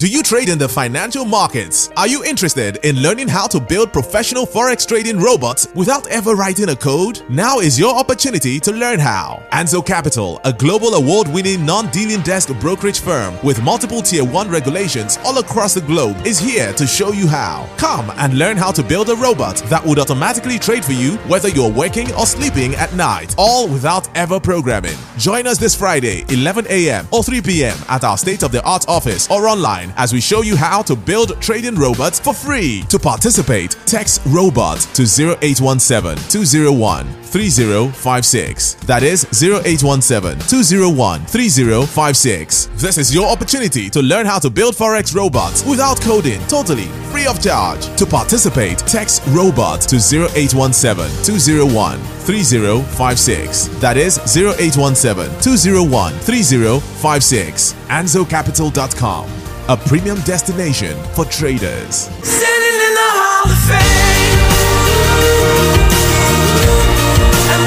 Do you trade in the financial markets? Are you interested in learning how to build professional forex trading robots without ever writing a code? Now is your opportunity to learn how. Anzo Capital, a global award-winning non-dealing desk brokerage firm with multiple tier 1 regulations all across the globe is here to show you how. Come and learn how to build a robot that would automatically trade for you whether you're working or sleeping at night, all without ever programming. Join us this Friday, 11 a.m. or 3 p.m. at our state-of-the-art office or online online as we show you how to build trading robots for free. To participate, text robot to 0817-201-3056. That is 0817-201-3056. This is your opportunity to learn how to build Forex robots without coding, totally free of charge. To participate, text robot to 0817-201-3056. That is 0817-201-3056. AnzoCapital.com a premium destination for traders. Standing in the Hall of Fame.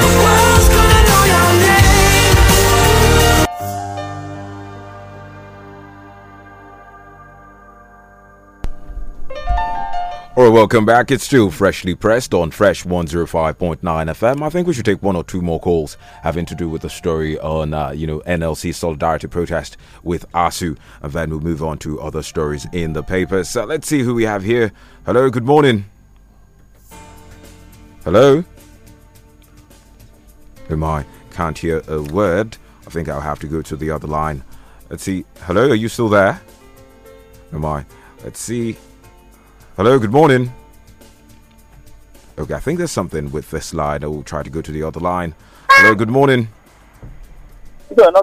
All right, welcome back. It's still freshly pressed on Fresh 105.9 FM. I think we should take one or two more calls having to do with the story on, uh, you know, NLC solidarity protest with ASU, and then we'll move on to other stories in the paper. So let's see who we have here. Hello, good morning. Hello? Am I can't hear a word. I think I'll have to go to the other line. Let's see. Hello, are you still there? Am I? let's see. Hello, good morning. Okay, I think there's something with this line. I will try to go to the other line. Hello, good morning. Hello, Hello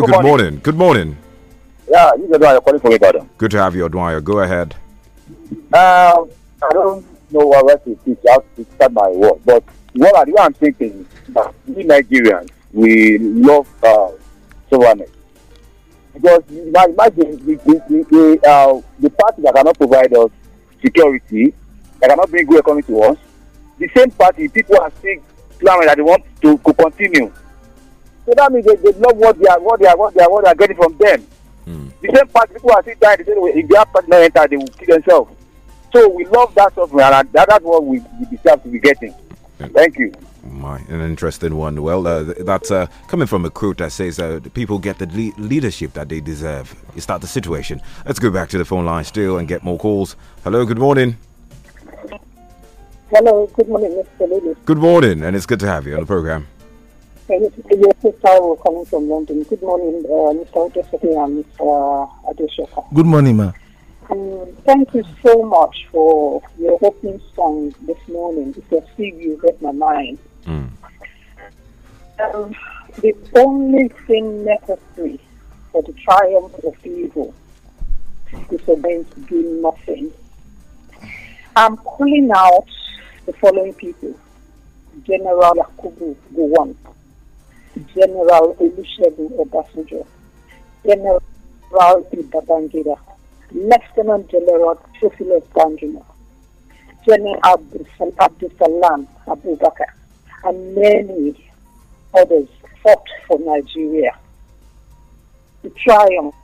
good, morning. morning. Good morning. Yeah, this is Odwaya calling me, brother? Good to have you, Odwaya. Go ahead. Um, I don't know what to teach. I have to start my work. But what I'm thinking, that we Nigerians, we love uh, sovereignty because imagine the the the, the, uh, the party that cannot provide us security that cannot bring good economy to us the same party people are still clamoring that they want to to continue so that means they they love what they are what they are what they are what they are getting from them mm. the same party people are still dying the same way if their partner enter they will kill themselves so we love that suffering and that that's what we we deserve to be getting thank you my, an interesting one. Well, uh, that's uh, coming from a quote that says uh, people get the le- leadership that they deserve. Is that the situation? Let's go back to the phone line still and get more calls. Hello, good morning. Hello, good morning, Mr. Lewis. Good morning, and it's good to have you on the program. Good morning, uh, Good morning, ma. Um, thank you so much for your opening song this morning. It's a you read my mind. Mm. Um, the only thing necessary for the triumph of evil is for them to do nothing. I'm calling out the following people General Akubu Gowon, General Olusegun Obasanjo, General Babangida, Lieutenant General Theophilus Danjuma, General Abdul Salam Abubakar, and many others fought for Nigeria to triumph.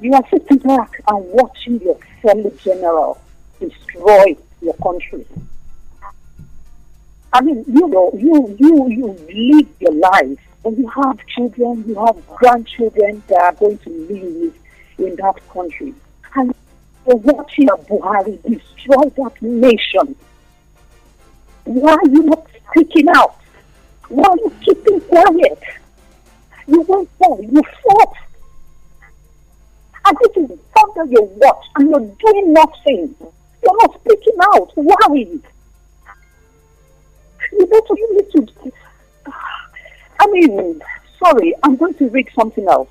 You are sitting back and watching your fellow general destroy your country. I mean, you know, you you you live your life, and you have children, you have grandchildren that are going to live in that country, and you're watching Buhari destroy that nation why are you not speaking out? Why are you keeping quiet? You went there, you fought. And this is under your watch, and you're doing nothing. You're not speaking out. Why? You know, you need to. I mean, sorry, I'm going to read something else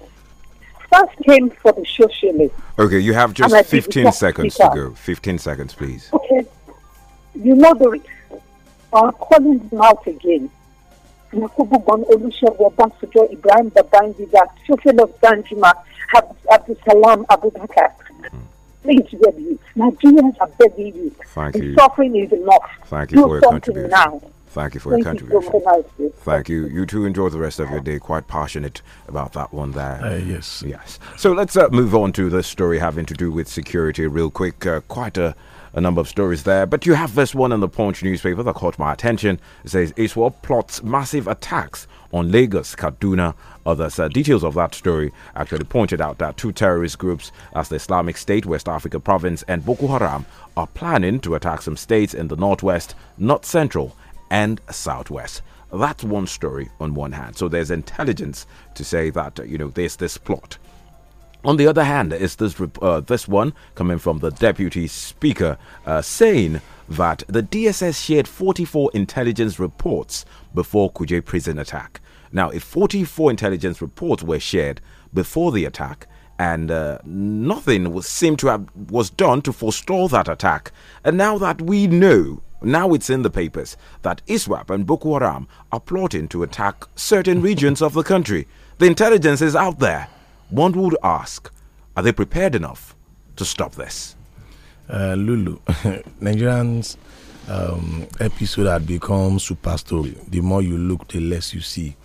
first came for the socialists. Okay, you have just 15 seconds to go. 15 seconds, please. Okay. You know the are calling him out again. Nakububon Olusegun Obasanjo Ibrahim Babangida, Sofelo Danjuma, Abdul Salam Abubakar. Hmm. Please, baby, Nigerians are begging you. Thank you. Suffering is enough. Thank you for your contribution. Now. Thank you for Thank your contribution. You Thank you. You too enjoy the rest of your day. Quite passionate about that one there. Uh, yes. Yes. So let's uh, move on to this story having to do with security, real quick. Uh, quite a a number of stories there. But you have this one in the Punch newspaper that caught my attention. It says Iswap plots massive attacks on Lagos, Kaduna, others. Uh, details of that story actually pointed out that two terrorist groups, as the Islamic State West Africa Province and Boko Haram, are planning to attack some states in the northwest, north central, and southwest. That's one story on one hand. So there's intelligence to say that, you know, there's this plot on the other hand, is this uh, this one coming from the deputy speaker uh, saying that the DSS shared 44 intelligence reports before Kuje prison attack. Now, if 44 intelligence reports were shared before the attack, and uh, nothing was, seemed to have was done to forestall that attack, and now that we know now it's in the papers that ISWAP and Boko Haram are plotting to attack certain regions of the country. The intelligence is out there. One would ask, are they prepared enough to stop this? Uh, Lulu, Nigerians um, episode had become super story. The more you look, the less you see.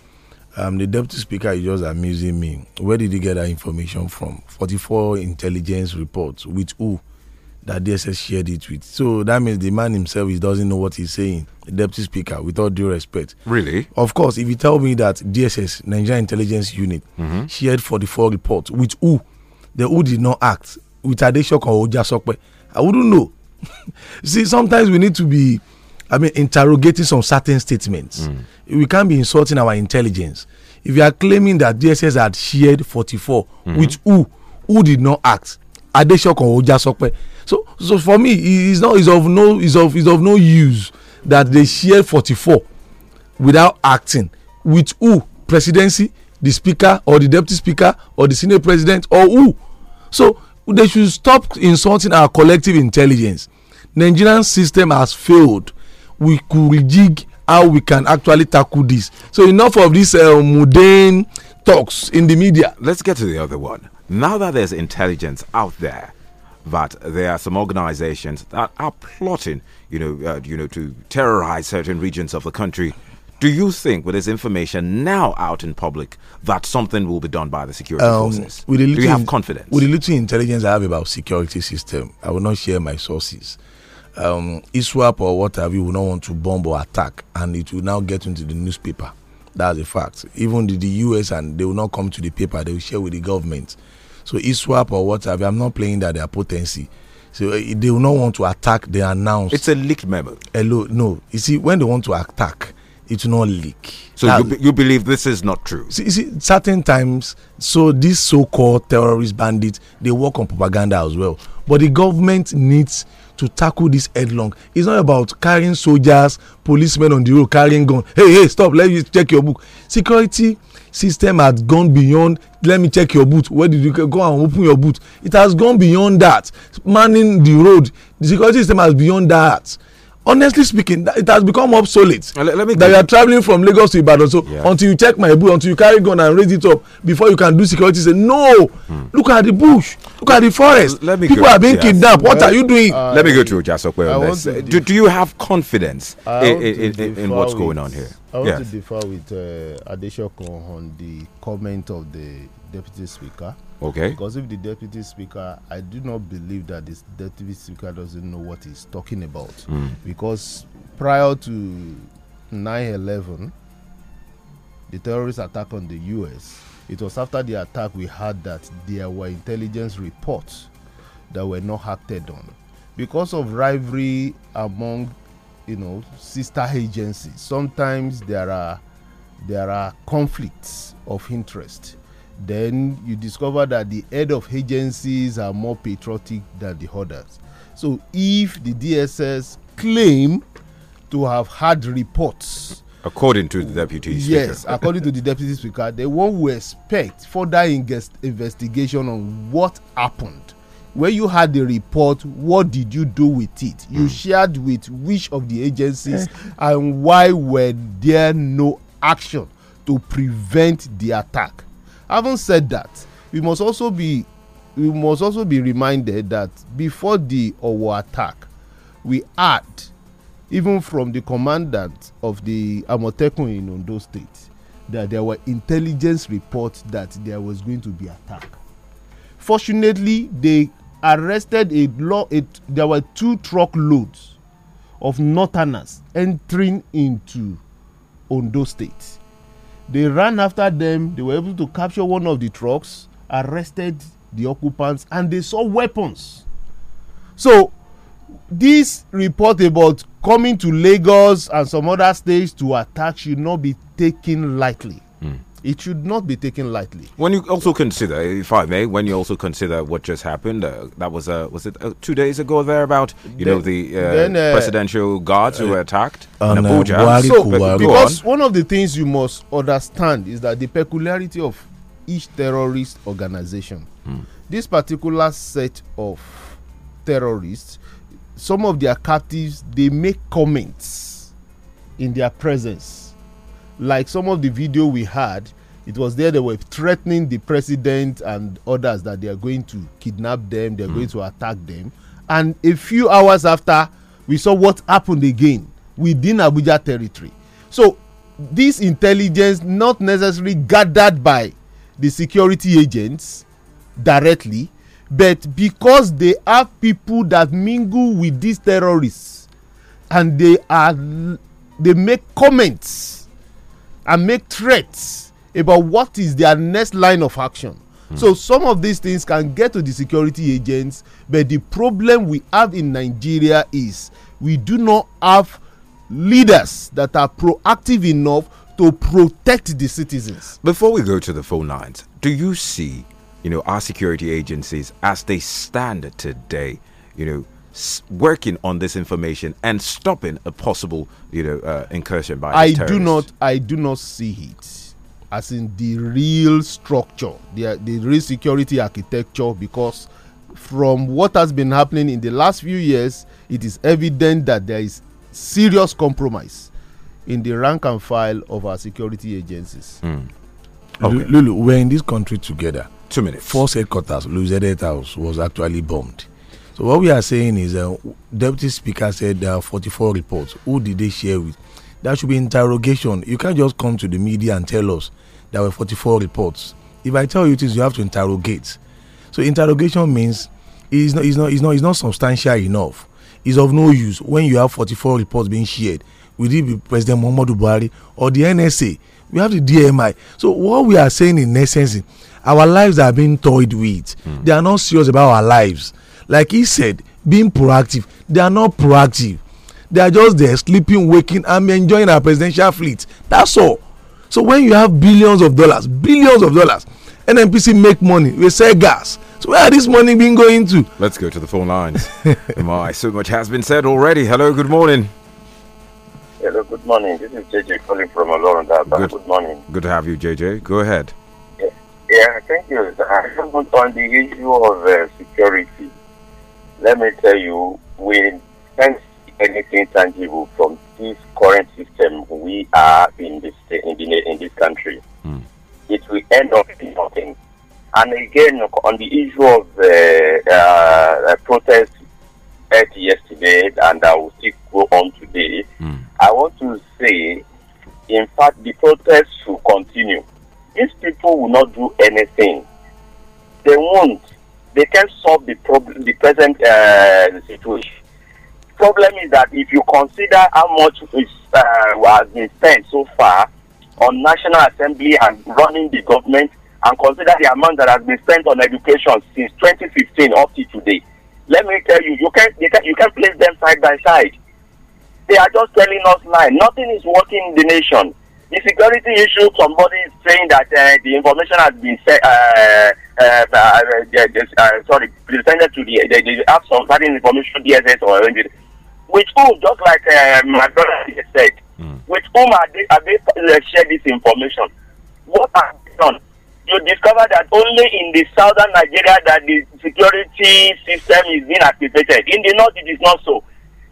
Um, the deputy speaker is just amusing me. Where did he get that information from? 44 intelligence reports. With who? that DSS shared it with. So that means the man himself he doesn't know what he's saying. The deputy speaker, with all due respect. Really? Of course, if you tell me that DSS, Nigeria Intelligence Unit, mm-hmm. shared 44 reports with who? The who did not act with Adeshok or Ojasokwe. I wouldn't know. See, sometimes we need to be, I mean, interrogating some certain statements. Mm. We can't be insulting our intelligence. If you are claiming that DSS had shared 44 mm-hmm. with who? Who did not act? Adeshok or Ojasokwe so so for me, it's not it's of no it's of it's of no use that they share 44 without acting with who presidency the speaker or the deputy speaker or the senior president or who so they should stop insulting our collective intelligence nigerian system has failed we could rejig how we can actually tackle this so enough of these uh, mundane talks in the media. let's get to the other one now that there's intelligence out there that there are some organizations that are plotting, you know, uh, you know, to terrorize certain regions of the country. Do you think, with this information now out in public, that something will be done by the security um, forces? With the little, Do you have confidence? With the little intelligence I have about security system, I will not share my sources. Um, ISWAP or what have you will not want to bomb or attack, and it will now get into the newspaper. That's a fact. Even the, the US and they will not come to the paper, they will share with the government so Iswap or whatever. I'm not playing that their potency. So eh, they will not want to attack. They announce. It's a leaked memo. Hello, no. You see, when they want to attack, it's not leak. So you, be, you believe this is not true? See, see, certain times, so these so-called terrorist bandits, they work on propaganda as well. But the government needs to tackle this headlong. It's not about carrying soldiers, policemen on the road carrying gun. Hey, hey, stop! Let me check your book. Security system has gone beyond let me check your boot where did you go and open your boot it has gone beyond that manning the road the security system has beyond that honestly speaking it has become obsolete uh, let, let that you are traveling from lagos to ibadan so yeah. until you check my book until you carry gun and raise it up before you can do security say no hmm. look at the bush look at the forest people go, are being yes. kidnapped well, what are you doing. Uh, let me go to ojasope on this do, do you have confidence in, in, in, in, what's with, going on here. i want yes. to differ with uh, on the comment of the deputy speaker. Okay. Because if the deputy speaker, I do not believe that this deputy speaker doesn't know what he's talking about. Mm. Because prior to 9 11, the terrorist attack on the US, it was after the attack we heard that there were intelligence reports that were not acted on. Because of rivalry among you know sister agencies sometimes there are there are conflicts of interest then you discover that the head of agencies are more patriotic than the others. So if the DSS claim to have had reports. According to the deputy speaker. Yes, according to the deputy speaker, then one would expect further investigation on what happened. When you had the report, what did you do with it? You mm. shared with which of the agencies eh. and why were there no action to prevent the attack? Having said that, we must also be we must also be reminded that before the Owo attack, we had, even from the commandant of the Amotekun in Ondo State, that there were intelligence reports that there was going to be attack. Fortunately, they arrested a law. there were two truck loads of northerners entering into Ondo State They ran after them. They were able to capture one of the trucks, arrested the occupants, and they saw weapons. So, this report about coming to Lagos and some other states to attack should not be taken lightly. it should not be taken lightly. When you also consider, if I may, when you also consider what just happened, uh, that was uh, was it uh, two days ago thereabout? You then, know the uh, then, uh, presidential guards who uh, were attacked in Abuja. so, because one of the things you must understand is that the peculiarity of each terrorist organization, hmm. this particular set of terrorists, some of their captives they make comments in their presence like some of the video we had it was there they were threatening the president and others that they are going to kidnap them they're mm. going hmm. to attack them and a few hours after we saw what happened again within abuja territory so this intelligence not necessarily gathered by the security agents directly but because they have people that mingle with these terrorists and they are they make comments and make threats about what is their next line of action. Mm. So some of these things can get to the security agents, but the problem we have in Nigeria is we do not have leaders that are proactive enough to protect the citizens. Before we go to the phone lines, do you see, you know, our security agencies as they stand today, you know, working on this information and stopping a possible, you know, uh, incursion by I do not, I do not see it as in the real structure, the the real security architecture, because from what has been happening in the last few years, it is evident that there is serious compromise in the rank and file of our security agencies. Mm. Okay. Lulu, we're in this country together. Two minutes. Force headquarters, Luzette House, was actually bombed. So what we are saying is, uh, Deputy Speaker said there uh, are 44 reports. Who did they share with? That should be interrogation. You can't just come to the media and tell us there were 44 reports. If I tell you things, you have to interrogate. So interrogation means it's not, it's not, it's not, it's not substantial enough. It's of no use when you have 44 reports being shared. with President Muhammadu Buhari or the NSA? We have the DMI. So what we are saying in essence, our lives are being toyed with. Mm. They are not serious about our lives like he said being proactive they are not proactive they are just there sleeping waking and enjoying our presidential fleet that's all so when you have billions of dollars billions of dollars nnpc make money we sell gas so where are this money been going to. let's go to the phone lines my so much has been said already hello good morning. hello good morning this is jj calling from olorunda good, good morning. good to have you jj go ahead. Yeah, yeah thank you. I haven't on the issue of uh, security let me tell you, we can't see anything tangible from this current system we are in this in, the, in this country. Mm. It will end up in nothing. And again, on the issue of the uh, uh, protest yesterday, and I will still go on today. Mm. I want to say, in fact, the protest should continue. These people will not do anything. They won't they can solve the problem, the present uh, situation. Problem is that if you consider how much is, uh, has been spent so far on National Assembly and running the government, and consider the amount that has been spent on education since 2015 up to today, let me tell you, you can, you can you can place them side by side. They are just telling us lies. Nothing is working in the nation the security issue, somebody is saying that uh, the information has been set, uh, uh, uh, uh, sorry, presented to the, they, have some certain information, DSS or anything, with whom, just like my brother said, mm. with whom are they, are they shared this information? What have done? You discover that only in the southern Nigeria that the security system is being activated. In the north, it is not so.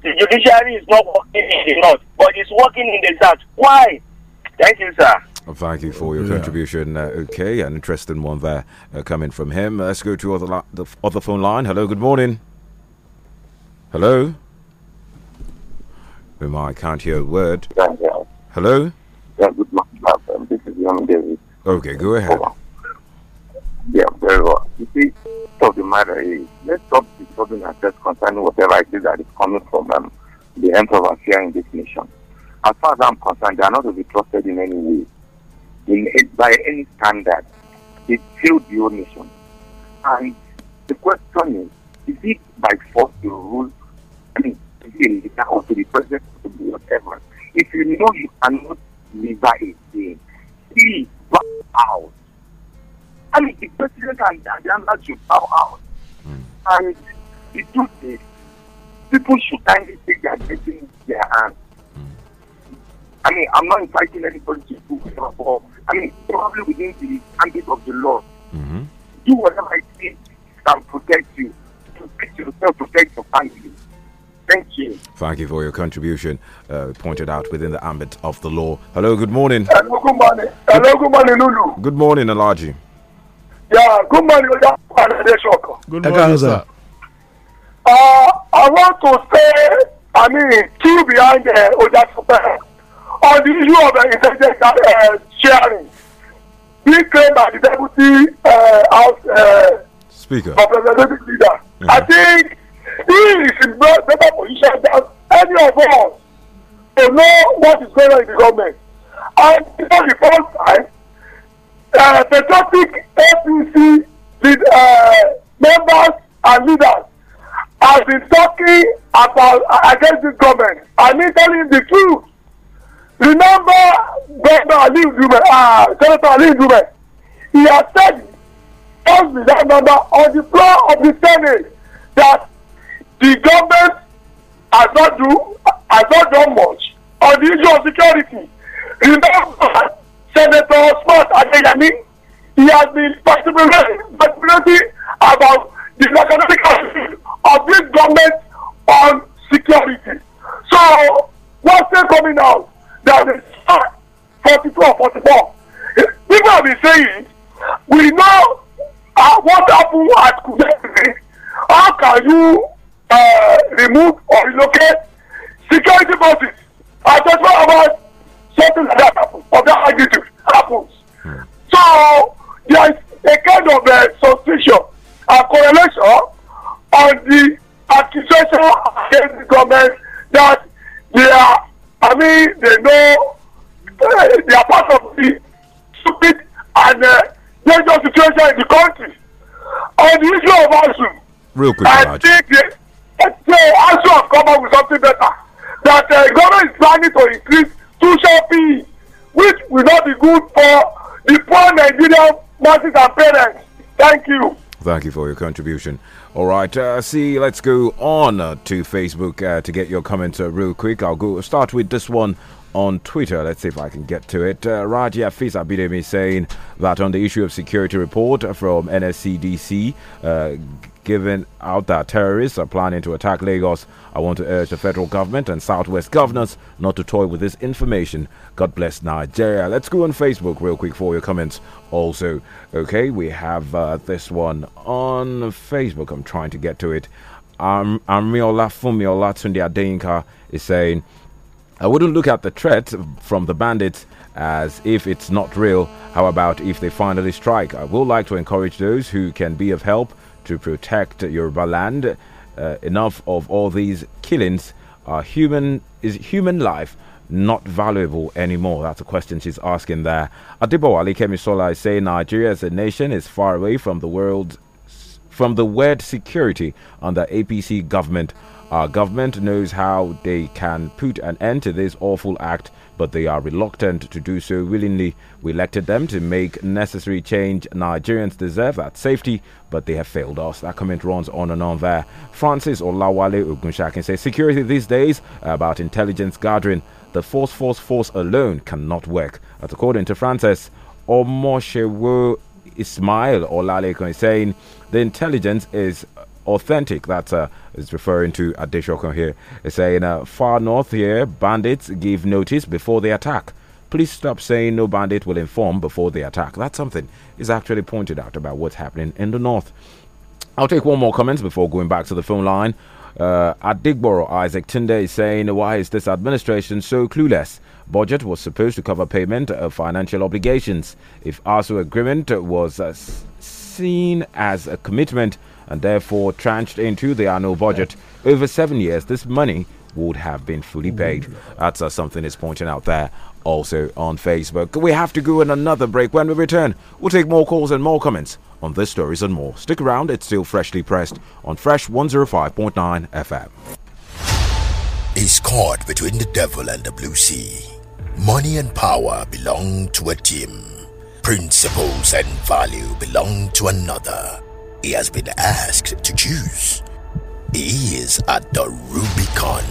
The judiciary is not working in the north, but it's working in the south. Why? Thank you, sir. Thank you for your yeah. contribution. Uh, okay, an interesting one there uh, coming from him. Uh, let's go to other the other phone line. Hello, good morning. Hello. Um, I can't hear a word. Hello. Yeah, good morning. This is Young David. Okay, go ahead. Yeah, very well. You see, of the matter is let's stop discussing ourselves concerning whatever it is that is coming from um, the end of our fear in this nation as far as I'm concerned, they are not to be trusted in any way, in by any standard. It failed the old nation. And the question is, is it by force to rule, I mean, to be a leader or to be president or to be whatever? If you know you cannot deliver a thing, please bow out. I mean, the president and, and the ambassador should bow out. Hmm. And the truth is, people should kindly take their blessings in their hands. I mean, I'm not inviting anybody to do whatever. I mean, probably within the ambit of the law. Mm-hmm. Do whatever it takes can protect you. Protect yourself, protect your family. Thank you. Thank you for your contribution, uh, pointed out within the ambit of the law. Hello, good morning. Hello, good morning. Hello, good morning, Lulu. Good morning, Alaji. Yeah, good morning, Good morning, sir. Uh, I want to say, I mean, two behind uh, the uh-huh. on the issue of uh, intelligence uh, sharing being claimed by the deputy uh, house uh, speaker, representative leader, mm -hmm. I think he is in better position than any of us to know what is going on in the government. And for the first time, uh, patriotic APC uh, members and leaders have been talking about uh, against this government and telling the truth Remember Governor Ali Dube, uh, Senator Ali Dube, he has said only that number on the floor of the Senate that the government has not do has not done much on the issue of security. Remember Senator Smart Adeyemi, he has been particularly about the economic security of this government on security. So what's coming out? that is Psalm 42 or 44. People have been saying, we know uh, what happened at Kuwait. How can you uh, remove or relocate security forces? I just want about something like that happened, of that magnitude happens. So there is a kind of a uh, suspicion, a correlation on the accusation against the government that they are I mean, they know eh, they are part of the stupid and uh, dangerous situation in the country. On the issue of ASU, Real quick, I Raj. think the, eh, ASU have come up with something better. That the uh, government is planning to increase tuition fee, which will not be good for the poor Nigerian masses and parents. Thank you. Thank you for your contribution. All right, uh, see, let's go on uh, to Facebook uh, to get your comments uh, real quick. I'll go start with this one on Twitter. Let's see if I can get to it. Uh, Rajia Fisa Bidemi saying that on the issue of security report from NSCDC, given out that terrorists are planning to attack Lagos. I want to urge the federal government and Southwest governors not to toy with this information. God bless Nigeria. Let's go on Facebook real quick for your comments. Also, okay, we have uh, this one on Facebook. I'm trying to get to it. Um, Amriola Fumiola Tunde Adeyinka is saying, I wouldn't look at the threat from the bandits as if it's not real. How about if they finally strike? I would like to encourage those who can be of help to protect Yoruba land. Uh, enough of all these killings. Are human is human life not valuable anymore? That's a question she's asking there. Adibowale Kemisola is saying Nigeria as a nation is far away from the world from the word security under APC government. Our government knows how they can put an end to this awful act but they are reluctant to do so willingly. We elected them to make necessary change Nigerians deserve at safety, but they have failed us. That comment runs on and on there. Francis Olawale Ogunshakin says security these days about intelligence gathering. The force, force, force alone cannot work. That's according to Francis Omoshewo Ismail Olalekan saying the intelligence is authentic. That's uh, it's referring to Adeshokon here. It's saying, uh, far north here, bandits give notice before they attack. Please stop saying no bandit will inform before they attack. That's something is actually pointed out about what's happening in the north. I'll take one more comment before going back to the phone line. Uh, at Digboro, Isaac Tinder is saying, Why is this administration so clueless? Budget was supposed to cover payment of financial obligations. If ASU agreement was uh, seen as a commitment, and therefore tranched into the annual budget. Over seven years, this money would have been fully paid. That's uh, something is pointing out there also on Facebook. We have to go in another break. When we return, we'll take more calls and more comments on this stories and more. Stick around, it's still freshly pressed on Fresh 105.9 FM. Is caught between the devil and the blue sea. Money and power belong to a team. Principles and value belong to another he has been asked to choose. He is at the Rubicon.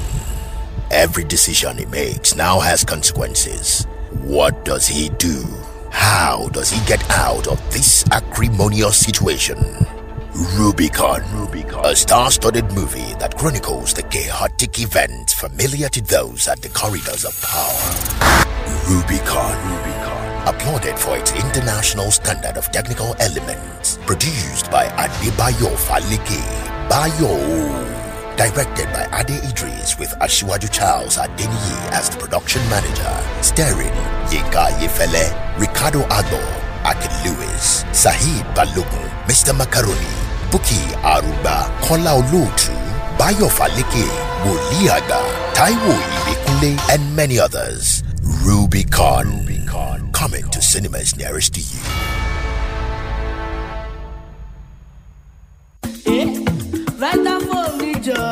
Every decision he makes now has consequences. What does he do? How does he get out of this acrimonious situation? Rubicon, Rubicon. a star-studded movie that chronicles the chaotic events familiar to those at the corridors of power. Rubicon. Rubicon applauded for its international standard of technical elements. Produced by Adibayo Faliki. Bayo. Directed by Ade Idris with Ashiwaju Charles Adeniyi as the production manager. Starring Yinka Yefele, Ricardo Ado, Akin Lewis, Sahib Balugu, Mr. Macaroni, Buki Aruba, Kola Olutu, Bayo Faliki, Woliaga, Taiwo Ibikule, and many others. Rubicon. Rubicon coming to cinemas nearest to you. Eh? Right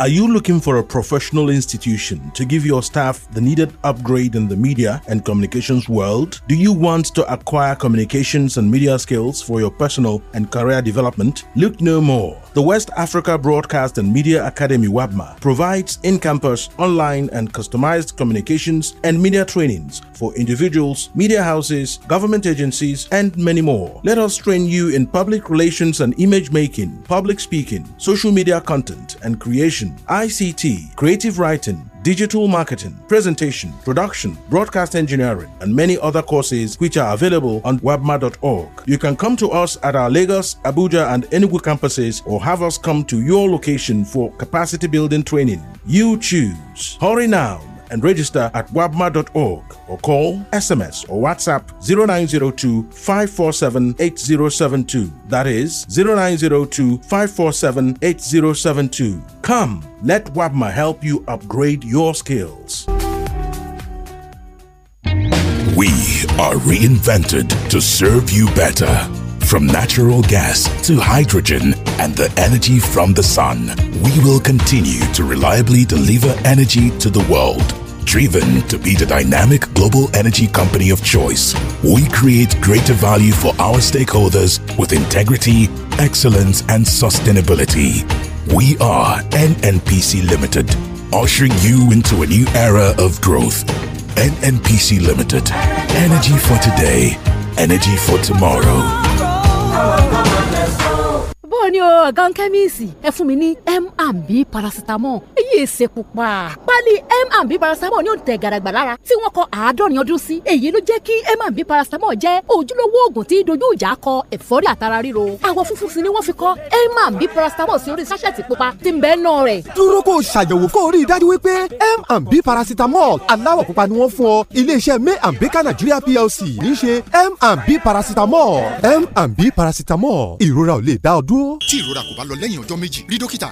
Are you looking for a professional institution to give your staff the needed upgrade in the media and communications world? Do you want to acquire communications and media skills for your personal and career development? Look no more the West Africa Broadcast and Media Academy WABMA provides in-campus, online and customized communications and media trainings for individuals, media houses, government agencies, and many more. Let us train you in public relations and image making, public speaking, social media content and creation, ICT, creative writing, digital marketing, presentation, production, broadcast engineering, and many other courses which are available on webma.org. You can come to us at our Lagos, Abuja, and Enugu campuses or have us come to your location for capacity building training. You choose. Hurry now and register at wabma.org or call, SMS, or WhatsApp 0902 547 8072. That is 0902 547 8072. Come, let Wabma help you upgrade your skills. We are reinvented to serve you better. From natural gas to hydrogen and the energy from the sun, we will continue to reliably deliver energy to the world. Driven to be the dynamic global energy company of choice, we create greater value for our stakeholders with integrity, excellence, and sustainability. We are NNPC Limited, ushering you into a new era of growth. NNPC Limited, energy for today, energy for tomorrow. irọ́ ni o ọ̀gán kẹ́míìsì ẹ fún mi ní m&b paracetamol èyí èsè pupa pálí m&b paracetamol ní òǹtẹ̀ gàràgbà lára tí wọ́n kọ àádọ́rin ọdún sí èyí ló jẹ́ kí m&b paracetamol jẹ́ ojúlówó oògùn tí dojú ìjà kọ ẹ̀fọ́rí àtara ríro àwọ̀ funfun sì ni wọ́n fi kọ m&b paracetamol sí orí sáṣẹ̀tì pupa tí ń bẹ́ẹ̀ náà rẹ̀. dúró kó o ṣàyẹ̀wò kó o rí i dájú wípé m&b paracetamol aláwọ̀ pupa ni wọ́n fún ọ iléeṣẹ́ may and B nigeria ìrora ò lè dá ọ dúró tí ìrora kò bá lọ lẹ́yìn ọjọ́ méjì rí dókítà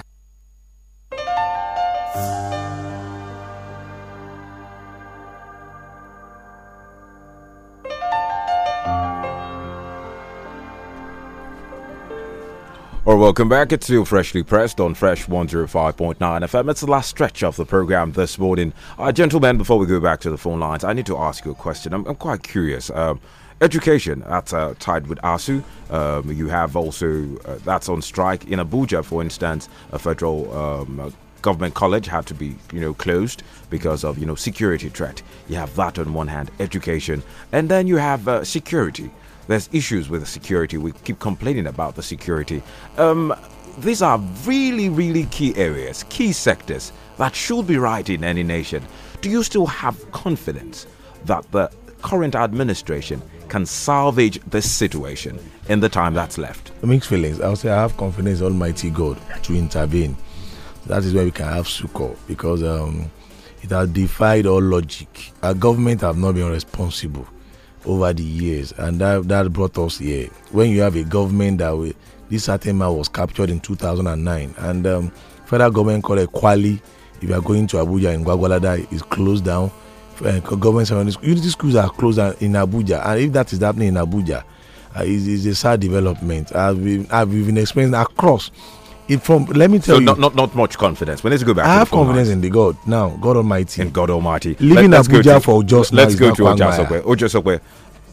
Or right, welcome back. It's still freshly pressed on Fresh 105.9 FM. It's the last stretch of the program this morning. Uh, gentlemen, before we go back to the phone lines, I need to ask you a question. I'm, I'm quite curious. Um, education, that's uh, tied with ASU. Um, you have also, uh, that's on strike. In Abuja, for instance, a federal um, uh, government college had to be you know closed because of you know security threat you have that on one hand education and then you have uh, security there's issues with the security. We keep complaining about the security. Um, these are really, really key areas, key sectors that should be right in any nation. Do you still have confidence that the current administration can salvage this situation in the time that's left? Mixed feelings. I'll say I have confidence Almighty God to intervene. That is where we can have succor because um, it has defied all logic. Our government have not been responsible over the years, and that, that brought us here. When you have a government that we, this certain man was captured in 2009, and um, federal government called it Kwali. If you are going to Abuja in Gwagwalada, it's closed down. Uh, government secondary unity schools are closed in Abuja, and if that is happening in Abuja, uh, it's, a sad development. I've been, I've been experienced across if from let me tell so you, not, not not much confidence. But let's go back. I have confidence in the God now, God Almighty, in God Almighty. living Let, Abuja to, for just let's now go to Ojasokwe. Ojasokwe,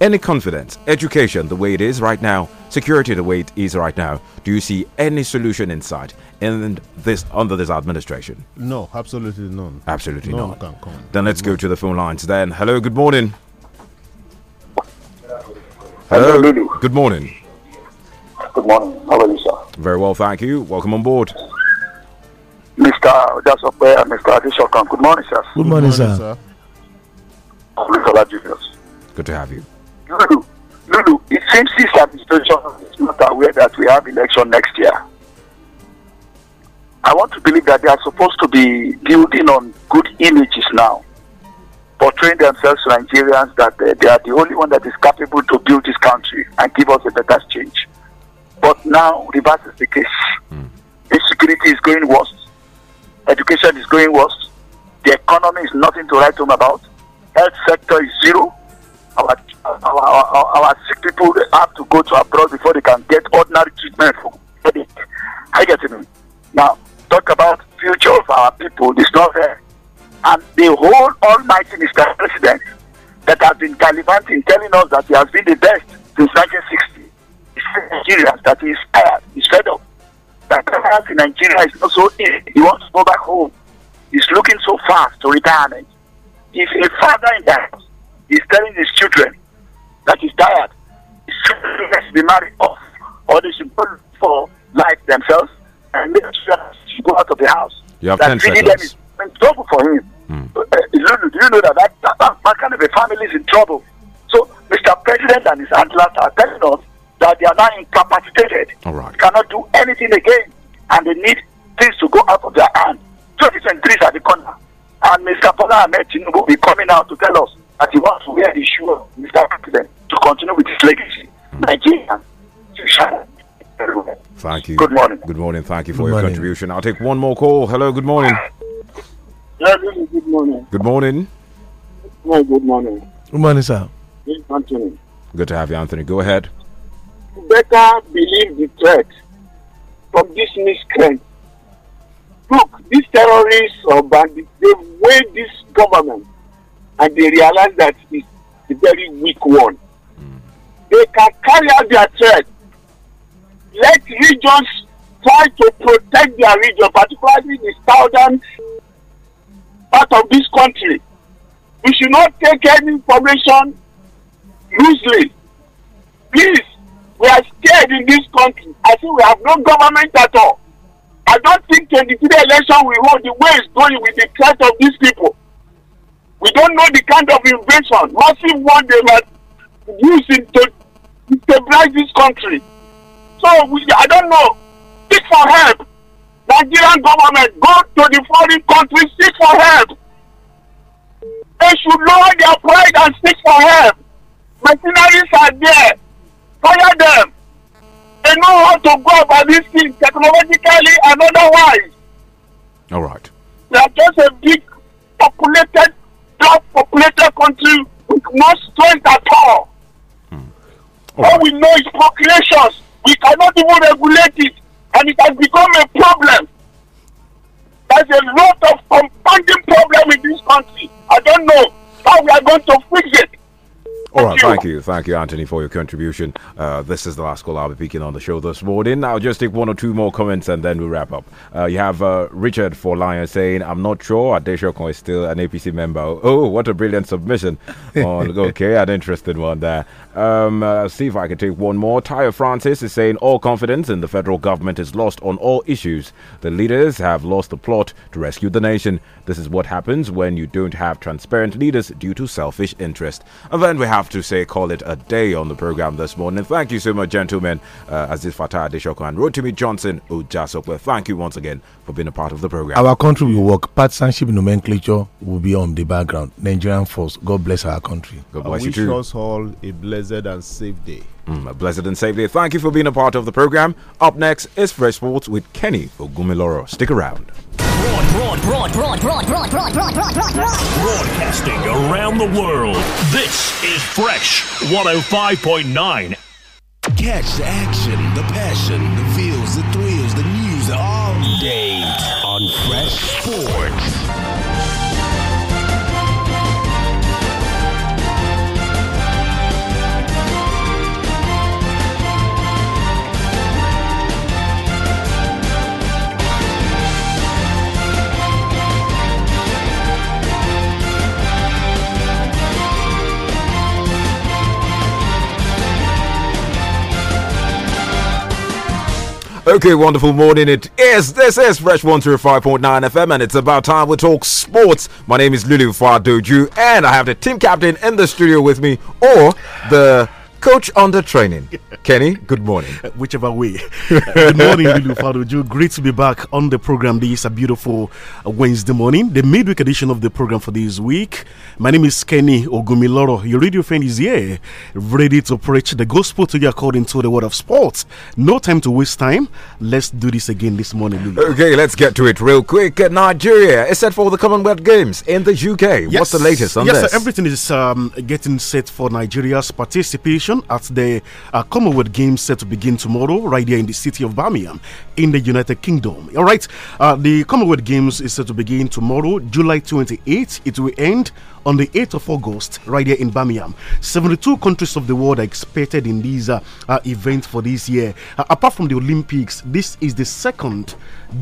any confidence, education the way it is right now, security the way it is right now. Do you see any solution inside? And in this under this administration? No, absolutely none. Absolutely none. Can come. Then let's no. go to the phone lines. Then, hello, good morning. Hello, hello good morning. Good morning. How are you, sir? Very well, thank you. Welcome on board. Mr. Dasope and Mr. Adishokan. Good morning, sir. Good morning, Good morning sir. sir. Good to have you. Lulu, Lulu, it seems this administration is not aware that we have election next year. I want to believe that they are supposed to be building on good images now, portraying themselves to Nigerians that uh, they are the only one that is capable to build this country and give us a better change. But now, reverse is the case. Mm. Insecurity is going worse. Education is going worse. The economy is nothing to write home about. Health sector is zero. Our, our, our, our sick people have to go to abroad before they can get ordinary treatment for headache. I get it. Now, talk about future of our people. It's not there. And the whole almighty Mr. President that has been gallivanting telling us that he has been the best since 1960 that Nigerian that is tired, uh, is fed up. That tired in Nigeria is not so easy. He wants to go back home. He's looking so fast to retirement. If a father in the house is telling his children that he's tired, his children must be married off, or they should go for life themselves and make sure that go out of the house. You have that 10 seconds. Them is in trouble for him. Mm. Uh, you, you know that that, that, that kind of a family is in trouble. So Mr. President and his handlers are telling us that they are now incapacitated, cannot do anything again, and they need things to go out of their hand. So this increase at the corner. And Mr. Bola Ahmed will be coming out to tell us that he wants to wear the shoe of Mr. President to continue with his legacy. Hmm. Nigeria, Thank you. Good morning. Good morning. Thank you for good your morning. contribution. I'll take one more call. Hello, good morning. Yeah, good morning. Good morning. good morning. Good morning, sir. Good Anthony. Good to have you, Anthony. Go ahead better believe the threat from this miscreant. Look, these terrorists or bandits, they've this government and they realize that it's a very weak one. Hmm. They can carry out their threat. Let regions try to protect their region, particularly the southern part of this country. We should not take any information loosely. Please, we are scared in this country i think we have no government at all i don't think 23 election we hold the way it's going with the threat of these people we don't know the kind of invasion massive one they were using to destabilize this country so we i don't know seek for help nigerian government go to the foreign country seek for help they should lower their pride and seek for help mercenaries are there fire them. They know how to go about these things technologically and otherwise. All right. They are just a big populated, dark populated country with no strength at all. Mm. All, all right. we know is procreations. We cannot even regulate it, and it has become a problem. There's a lot of compounding problem in this country. I don't know how we are going to fix it. All right, thank you. Thank you, Anthony, for your contribution. Uh, this is the last call I'll be picking on the show this morning. I'll just take one or two more comments and then we'll wrap up. Uh, you have uh, Richard for Lion saying, I'm not sure Adeshokon is still an APC member. Oh, what a brilliant submission. oh, okay, an interesting one there. Um, uh, see if I can take one more. Tyre Francis is saying all confidence in the federal government is lost on all issues. The leaders have lost the plot to rescue the nation. This is what happens when you don't have transparent leaders due to selfish interest. And then we have to say, call it a day on the program this morning. Thank you so much, gentlemen. Uh, Aziz Fatah Adeshoko and Rotimi Johnson Ujasokwe. Thank you once again for being a part of the program. Our country will work. Partnership nomenclature will be on the background. Nigerian force. God bless our country. God bless I you wish too. us all a blessed and safe day. Mm, a blessed and safe day. Thank you for being a part of the program. Up next is Fresh Sports with Kenny Ogumiloro. Stick around. Broad, broad, broad, broad, broad, broad, broad, broad, broad, broad, Broadcasting around the world. This is Fresh 105.9. Catch the action, the passion, the feels, the thrills, the news all day on Fresh Sports. Okay, wonderful morning. It is. This is Fresh 105.9 FM, and it's about time we talk sports. My name is Lulu Fadoju, and I have the team captain in the studio with me, or the coach under training. Kenny, good morning. Uh, whichever way. good morning, Lulu Fadoju. Great to be back on the program. This is a beautiful uh, Wednesday morning, the midweek edition of the program for this week. My name is Kenny Ogumiloro. Your radio friend is here, ready to preach the gospel to you according to the word of sports. No time to waste time. Let's do this again this morning, Lulu. Okay, let's get to it real quick. Uh, Nigeria is set for the Commonwealth Games in the UK. Yes. What's the latest on yes, this? Yes, everything is um, getting set for Nigeria's participation at the uh, Commonwealth Games set to begin tomorrow, right here in the city of Birmingham, in the United Kingdom. All right, uh, the Commonwealth Games is set to begin tomorrow, July 28th. It will end on the 8th of August, right here in Birmingham. 72 countries of the world are expected in these uh, uh, events for this year. Uh, apart from the Olympics, this is the second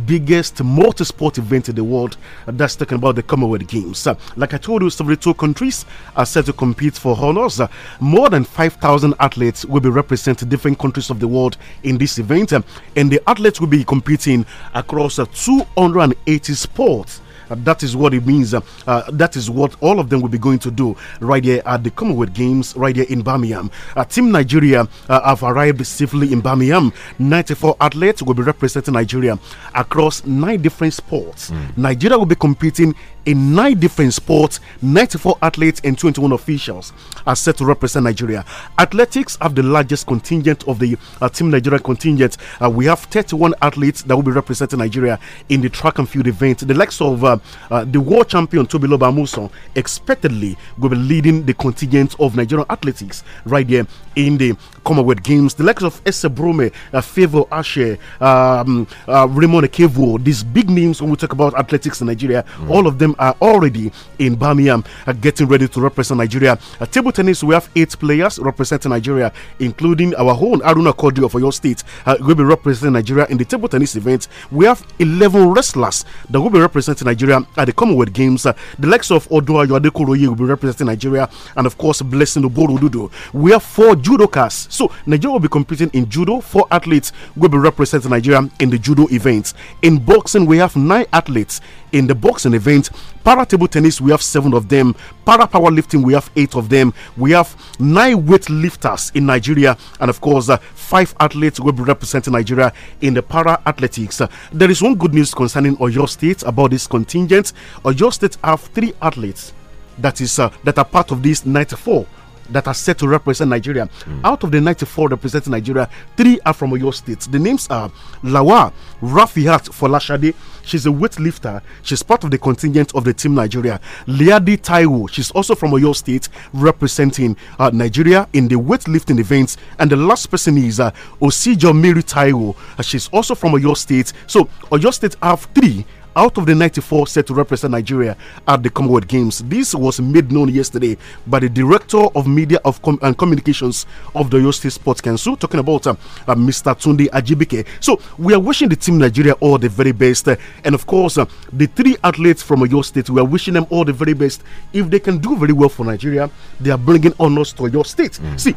biggest multi sport event in the world that's talking about the Commonwealth Games. Uh, like I told you, 72 countries are set to compete for honors. Uh, more than 5,000 athletes will be representing different countries of the world in this event, um, and the athletes will be competing across uh, 280 sports. Uh, that is what it means. Uh, uh, that is what all of them will be going to do right here at the Commonwealth Games right here in Birmingham. Team Nigeria have arrived safely in Birmingham. 94 athletes will be representing Nigeria across nine different sports. Mm. Nigeria will be competing in nine different sports, 94 athletes and 21 officials are set to represent Nigeria. Athletics have the largest contingent of the uh, Team Nigeria contingent. Uh, we have 31 athletes that will be representing Nigeria in the track and field event. The likes of uh, uh the world champion Tobilo Muson, expectedly will be leading the contingent of Nigerian athletics right there in the Commonwealth Games. The likes of Ese Brome, uh, Favour Ashe, um, uh, Raymond Kevo, these big names when we talk about athletics in Nigeria, mm. all of them are already in Birmingham uh, getting ready to represent Nigeria. Uh, table tennis, we have eight players representing Nigeria, including our own Aruna Kodio for your state, uh, will be representing Nigeria in the table tennis event. We have 11 wrestlers that will be representing Nigeria at the Commonwealth Games. Uh, the likes of Odua Yadekoroye will be representing Nigeria, and of course, Blessing Dudu. We have four judokas. So, Nigeria will be competing in judo. Four athletes will be representing Nigeria in the judo event. In boxing, we have nine athletes in the boxing event. Para table tennis, we have seven of them. Para powerlifting, we have eight of them. We have nine weightlifters in Nigeria, and of course, uh, five athletes will be representing Nigeria in the para athletics. Uh, there is one good news concerning Oyo State about this contingent. Oyo State have three athletes that is uh, that are part of this 94 that are set to represent Nigeria. Mm. Out of the 94 representing Nigeria, three are from your State. The names are Lawa Rafiat Folashade. She's a weightlifter. She's part of the contingent of the team Nigeria. Liadi Taiwo. She's also from your state, representing uh, Nigeria in the weightlifting events. And the last person is uh, Osijo Miri Taiwo. Uh, she's also from your state. So your state have three out of the 94 set to represent Nigeria at the Commonwealth Games. This was made known yesterday by the Director of Media of Com and Communications of the Youth Sports Council, talking about uh, uh, Mr. Tunde Ajibike. So we are wishing the team Nigeria all the very best. Uh, and of course, uh, the three athletes from your State, we are wishing them all the very best. If they can do very well for Nigeria, they are bringing honors to your state. Mm. See,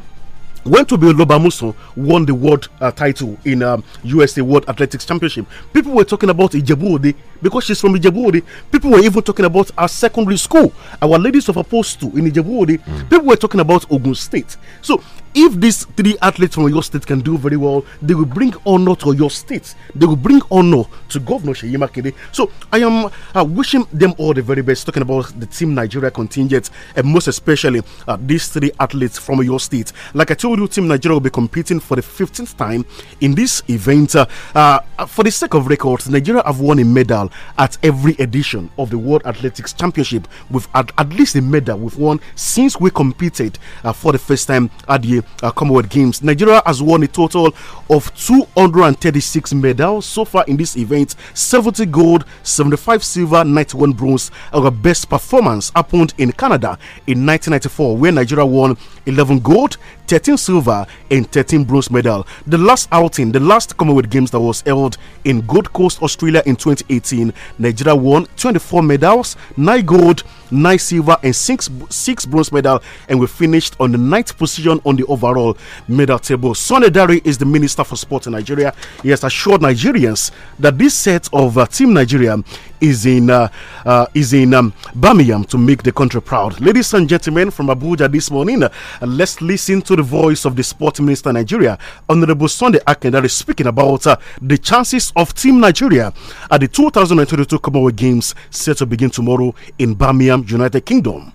Wentobio Lobamuso won the world uh, title in um, USA World Athletics Championship. People were talking about Ijebu because she's from Ijebu People were even talking about our secondary school, our Ladies of Apostle in Ijebu Mm. People were talking about Ogun State. So if these three athletes from your state can do very well, they will bring honor to your state. They will bring honor to Governor Sheyima Kede. So I am uh, wishing them all the very best. Talking about the Team Nigeria contingent, and most especially uh, these three athletes from your state. Like I told you, Team Nigeria will be competing for the 15th time in this event. Uh, uh for the sake of records, Nigeria have won a medal at every edition of the World Athletics Championship. We've had at least a medal we've won since we competed uh, for the first time at the uh, Commonwealth Games. Nigeria has won a total of 236 medals so far in this event 70 gold, 75 silver, 91 bronze. Our best performance happened in Canada in 1994, where Nigeria won 11 gold, 13 silver, and 13 bronze medal. The last outing, the last Commonwealth Games that was held in Gold Coast, Australia in 2018, Nigeria won 24 medals, 9 gold, 9 silver, and 6, six bronze medal, and we finished on the ninth position on the overall medal table. Sonny Dari is the Minister for Sport in Nigeria. He has assured Nigerians that this set of uh, Team Nigeria is in uh, uh, is in um, Birmingham to make the country proud. Ladies and gentlemen from Abuja this morning, uh, let's listen to the voice of the Sport Minister Nigeria, Honorable Sunday Akenda, that is speaking about uh, the chances of Team Nigeria at the 2022 Commonwealth Games set to begin tomorrow in Birmingham, United Kingdom.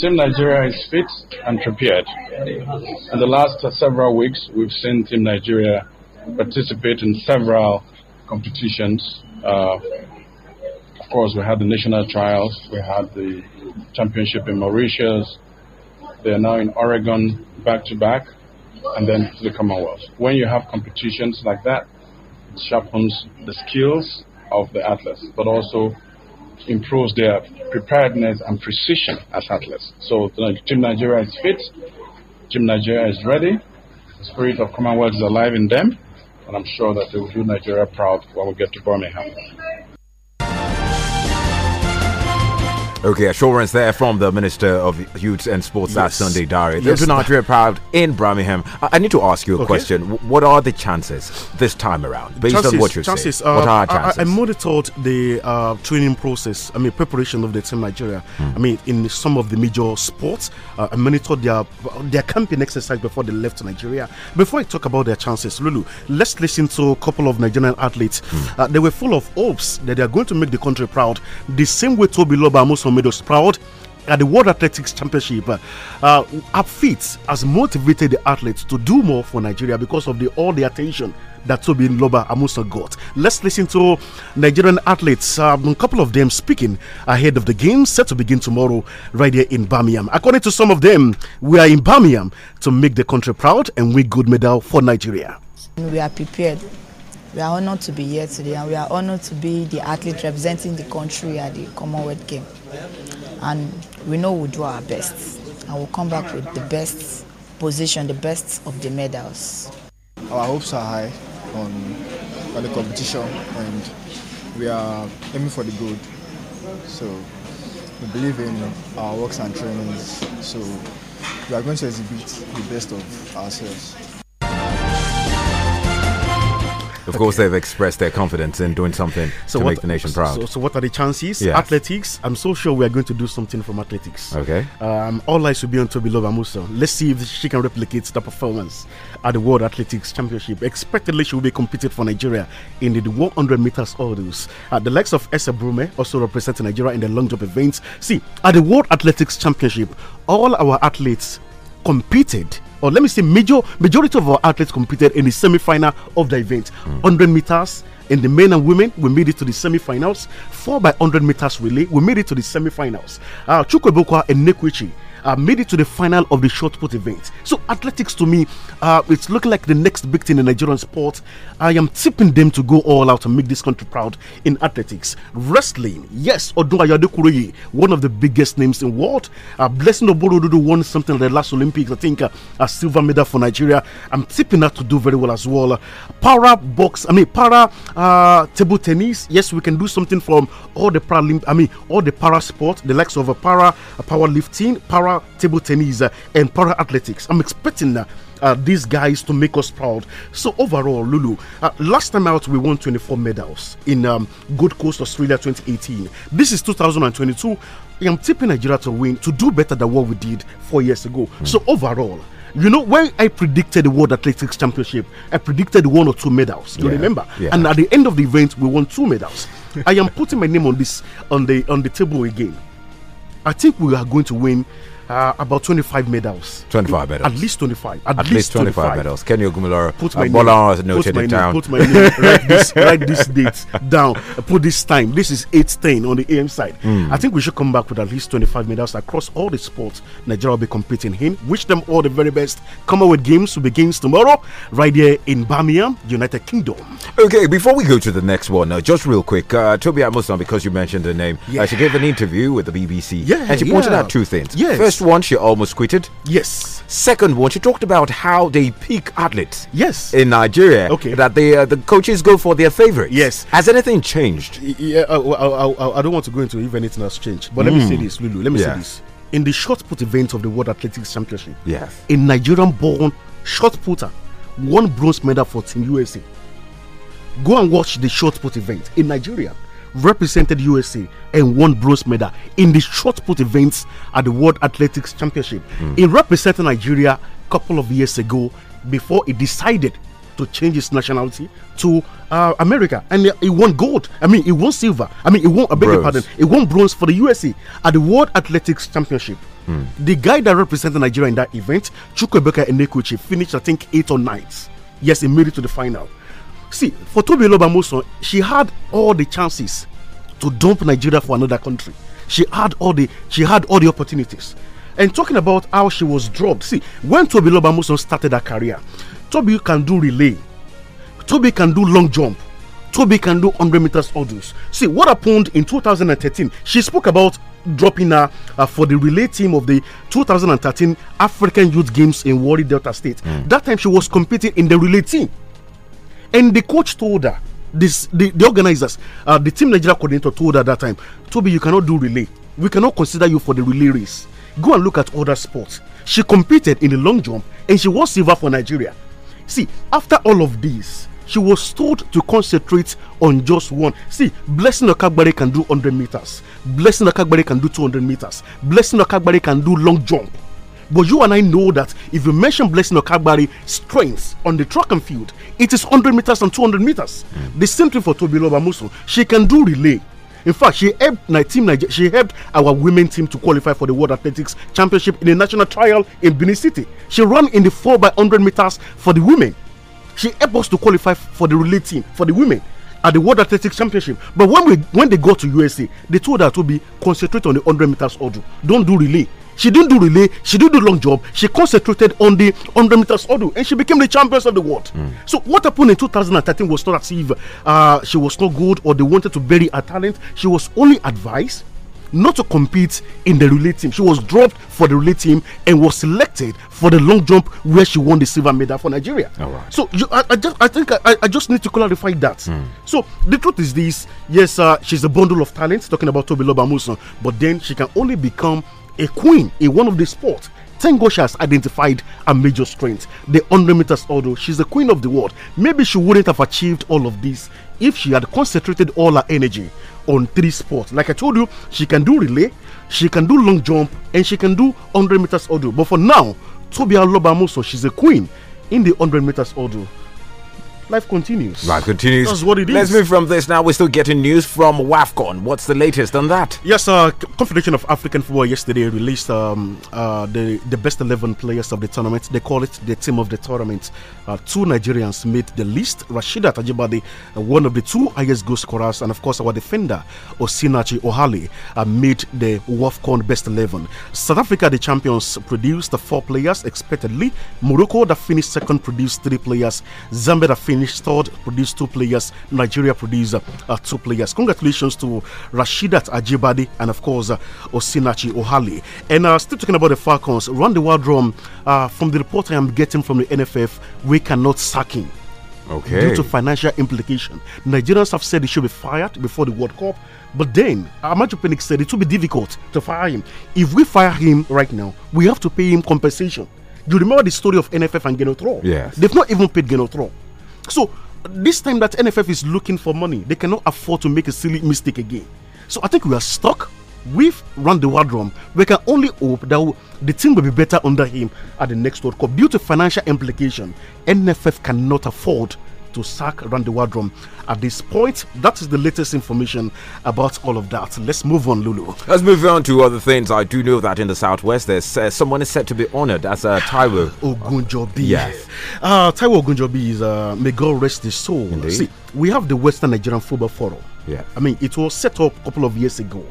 Team Nigeria is fit and prepared. In the last several weeks, we've seen Team Nigeria participate in several competitions uh, of course, we had the national trials, we had the championship in Mauritius. They are now in Oregon back to back, and then to the Commonwealth. When you have competitions like that, it sharpens the skills of the athletes, but also improves their preparedness and precision as athletes. So Team Nigeria is fit, Team Nigeria is ready, the spirit of Commonwealth is alive in them, and I'm sure that they will do Nigeria proud when we get to Birmingham. Okay, assurance there from the Minister of Youth and Sports yes. at Sunday Diary. Yes. The Nigerian Proud in Birmingham. I, I, need to ask you a okay. question. What are the chances this time around, based chances, on what you've chances, Uh, what are chances? I, I monitored the uh, training process, I mean, preparation of the team Nigeria. Hmm. I mean, in some of the major sports, uh, I monitored their, their camping exercise before they left Nigeria. Before I talk about their chances, Lulu, let's listen to a couple of Nigerian athletes. Hmm. Uh, they were full of hopes that they are going to make the country proud. The same way Toby Loba Musom Middlesbrough at the World Athletics Championship. Uh, Upfit has motivated the athletes to do more for Nigeria because of the, all the attention that Toby Loba Amusa got. Let's listen to Nigerian athletes, um, a couple of them speaking ahead of the game set to begin tomorrow right here in Birmingham. According to some of them, we are in Birmingham to make the country proud and win good medal for Nigeria. We are prepared we are honored to be here today and we are honored to be the athlete representing the country at the Commonwealth Games. And we know we'll do our best and we'll come back with the best position, the best of the medals. Our hopes are high on, the competition and we are aiming for the gold. So we believe in our works and trainings. So we are going to exhibit the best of ourselves. Of okay. course, they've expressed their confidence in doing something so to what, make the nation proud. So, so what are the chances? Yes. Athletics. I'm so sure we are going to do something from athletics. Okay. Um, all eyes will be on Toby Love Musa. Let's see if she can replicate the performance at the World Athletics Championship. Expectedly, she will be competing for Nigeria in the 100 meters hurdles. Uh, the likes of Esa Brume also represents Nigeria in the long jump events. See, at the World Athletics Championship, all our athletes competed or let me say major majority of our athletes competed in the semi-final of the event. Mm. 100 meters in the men and women, we made it to the semi-finals. Four by 100 meters relay, we made it to the semi-finals. Uh, Chukwebukwa and Nekwichi uh, made it to the final of the short put event. So, athletics to me, uh, it's looking like the next big thing in Nigerian sport. I am tipping them to go all out and make this country proud in athletics. Wrestling, yes, Odunayo one of the biggest names in world. Uh, Blessing Obododo won something at the last Olympics, I think, uh, a silver medal for Nigeria. I'm tipping that to do very well as well. para box, I mean, para uh, table tennis, yes, we can do something from all the para, I mean, all the para sport, the likes of a para, a power lifting, para table tennis eh, and para athletics. I'm expecting eh, uh, these guys to make us proud. So overall, Lulu, uh, last time out we won 24 medals in um, Coast Australia 2018. This is 2022. I'm tipping Nigeria to win to do better than what we did four years ago. Mm. So overall. You know, when I predicted the World Athletics Championship, I predicted one or two medals. You yeah. remember? Yeah. And at the end of the event, we won two medals. I am putting my name on this on the on the table again. I think we are going to win uh, about 25 medals. 25 medals. At least 25. At, at least, 25, 25, medals. Kenny Ogumiloro, uh, put my uh, Bola name, put my name, down. Put my name, write, this, write this date down, put this time. This is 8.10 on the AM side. Mm. I think we should come back with at least 25 medals across all the sports Nigeria will be competing in. Wish them all the very best. Come out with games who begins tomorrow right here in Birmingham, United Kingdom. Okay, before we go to the next one, uh, just real quick, uh, Toby Amusan, because you mentioned her name, yeah. uh, she gave an interview with the BBC. Yeah, and she pointed yeah. out two things. Yes. First, First one, she almost quitted. Yes. Second one, she talked about how they pick athletes. Yes. In Nigeria. Okay. That they, uh, the coaches go for their favorites. Yes. Has anything changed? Yeah, I, uh, I, I, I don't want to go into if anything has changed, but mm. let me hmm. say this, Lulu. Let me yeah. say this. In the shot put event of the World Athletics Championship, yes. a Nigerian born shot putter won bronze medal for Team USA. Go and watch the shot put event in Nigeria represented USA and won bronze medal in the shot put events at the World Athletics Championship. Mm. He represented Nigeria a couple of years ago before he decided to change his nationality to uh, America, and he won gold. I mean, he won silver. I mean, he won. I beg your pardon. He won bronze for the USA at the World Athletics Championship. Mm. The guy that represented Nigeria in that event, Chukwuebuka Enekuchi, finished I think eight or ninth. Yes, he made it to the final. See, for Toby Bamoson, she had all the chances to dump Nigeria for another country. She had all the she had all the opportunities. And talking about how she was dropped, see, when Toby Lobamuson started her career, Toby can do relay, Toby can do long jump, Toby can do 100 meters hurdles. See, what happened in 2013, she spoke about dropping her uh, for the relay team of the 2013 African Youth Games in Wari Delta State. Mm. That time she was competing in the relay team. And the coach told her, this the, the organizers, uh, the team Nigeria coordinator told her that time, Toby, you cannot do relay. We cannot consider you for the relay race. Go and look at other sports. She competed in the long jump and she won silver for Nigeria. See, after all of this, she was told to concentrate on just one. See, Blessing Okagbare can do 100 meters. Blessing Okagbare can do 200 meters. Blessing Okagbare can do long jump. But you and I know that if you mention Blessing Okagbari strength on the track and field, it is 100 meters and 200 meters. Mm. The same thing for Tobiloba Musu. She can do relay. In fact, she helped my team. She helped our women team to qualify for the World Athletics Championship in a national trial in Benin City. She ran in the four by hundred meters for the women. She helped us to qualify for the relay team for the women at the World Athletics Championship. But when we when they go to USA, they told her to be concentrate on the hundred meters order. Don't do relay. She didn't do relay. She didn't do long jump. She concentrated on the 100 meters hurdle, and she became the champions of the world. Mm. So what happened in 2013 was not as if uh, she was not good or they wanted to bury her talent. She was only advised not to compete in the relay team. She was dropped for the relay team and was selected for the long jump where she won the silver medal for Nigeria. So you, I, I, just I think I, I, just need to clarify that. Mm. So the truth is this: yes, uh, she's a bundle of talent. Talking about Toby Lobamuson, but then she can only become a queen in one of the sports. Tengoshi has identified a major strength. The 100 meters Odo, she's the queen of the world. Maybe she wouldn't have achieved all of this if she had concentrated all her energy on three sports. Like I told you, she can do relay, she can do long jump, and she can do 100 meters Odo. But for now, Tobia muso, she's a queen in the 100 meters Odo life continues. Life continues. That's what it is. Let's move from this now. We're still getting news from WAFCON. What's the latest on that? Yes, uh, Confederation of African Football yesterday released um, uh, the, the best 11 players of the tournament. They call it the team of the tournament. Uh, two Nigerians made the list. Rashida Tajibadi, uh, one of the two highest goal scorers, and of course our defender, Osinachi Ohale, uh, made the WAFCON best 11. South Africa, the champions, produced the four players expectedly. Morocco, that finished second, produced three players. Zambia, that finished finished third, produced two players. Nigeria produced uh, two players. Congratulations to Rashidat Ajibade and, of course, uh, Osinachi Ohale. And uh, still talking about the Falcons, the world uh, from the report I am getting from the NFF, we cannot sack him. Okay. Due to financial implication. Nigerians have said he should be fired before the World Cup. But then, Amaju uh, Pinnick said it will be difficult to fire him. If we fire him right now, we have to pay him compensation. You remember the story of NFF and Genotro? Yes. They've not even paid Genotro. So this time that NFF is looking for money, they cannot afford to make a silly mistake again. So I think we are stuck with Randy Wardrum. We can only hope that the team will be better under him at the next World Cup due to financial implication. NFF cannot afford to sack Randy Wardrum at this point. That is the latest information about all of that. Let's move on, Lulu. Let's move on to other things. I do know that in the southwest, there's uh, someone is said to be honored as a uh, Taiwo Ogunjobi. Yes, uh, Taiwo Ogunjobi is uh, may God rest his soul. Indeed. See, we have the Western Nigerian Football Forum. Yeah, I mean it was set up a couple of years ago.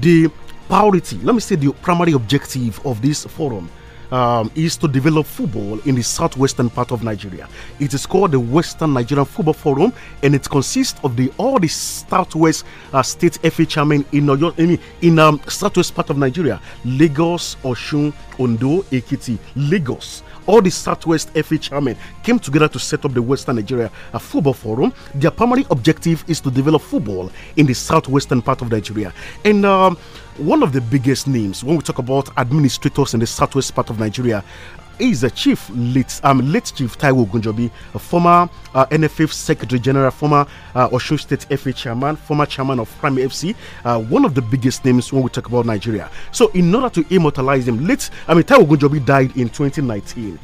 The priority, let me say, the primary objective of this forum um, is to develop football in the southwestern part of Nigeria. It is called the Western Nigerian Football Forum, and it consists of the all the southwest uh, state FA chairmen in in, in um, southwest part of Nigeria: Lagos, Oshun, Ondo, Ekiti, Lagos all the Southwest FA chairmen came together to set up the Western Nigeria uh, Football Forum. Their primary objective is to develop football in the southwestern part of Nigeria. And um, one of the biggest names when we talk about administrators in the southwest part of Nigeria is the chief late um late chief Taiwo Gunjobi, a former uh, NFF Secretary General, former uh, Osho State FA chairman, former chairman of Prime FC, uh, one of the biggest names when we talk about Nigeria. So, in order to immortalize him, late I mean Taiwo Gunjobi died in 2019.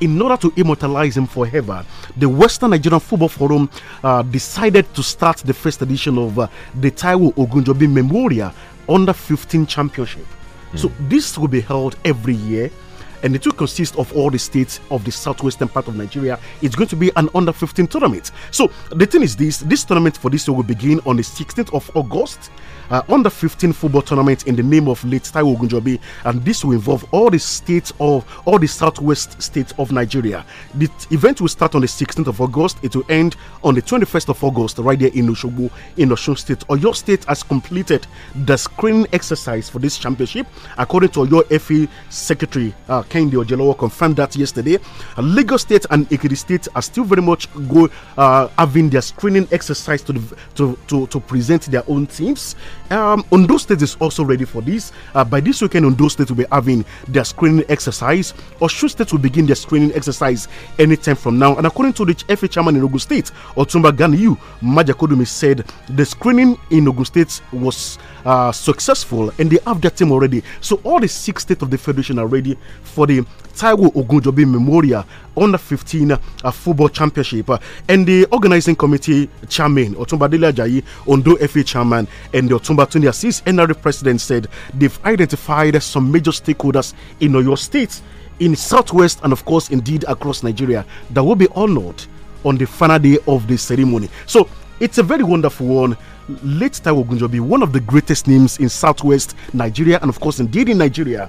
In order to immortalize him forever, the Western Nigerian Football Forum uh, decided to start the first edition of uh, the Taiwo Ogunjobi Memorial under 15 championship. Mm. So this will be held every year. And it will consist of all the states of the southwestern part of Nigeria. It's going to be an under 15 tournament. So the thing is this this tournament for this year will begin on the 16th of August uh, under 15 football tournament in the name of late Taiwo Ogunjobi, and this will involve all the states of all the southwest states of Nigeria. The event will start on the 16th of August. It will end on the 21st of August, right there in Oshogbo, in Osun State. Oyo State has completed the screening exercise for this championship, according to your FA Secretary uh, Kendi Ojelowo confirmed that yesterday. Uh, Lagos State and Ikiri State are still very much go uh, having their screening exercise to, the, to, to to present their own teams. Um, Ondo State is also ready for this. Uh, by this weekend, Ondo State will be having their screening exercise. Osun State will begin their screening exercise anytime from now. And according to the FA chairman in Ogun State, Otumba Ganiyu, Majakodumi said the screening in Ogun State was uh, successful and they have their team already. So all the six states of the federation are ready for the Taiwo Ogunjobi Memorial under 15 uh, football championship. Uh, and the organizing committee chairman, Otumba Dele Ajayi, Ondo FA chairman, and the Otumba Tony Assist NRA president said they've identified some major stakeholders in your State, in Southwest, and of course, indeed across Nigeria that will be honored on the final day of the ceremony. So it's a very wonderful one. Late Taiwo be one of the greatest names in Southwest Nigeria, and of course, indeed in Nigeria.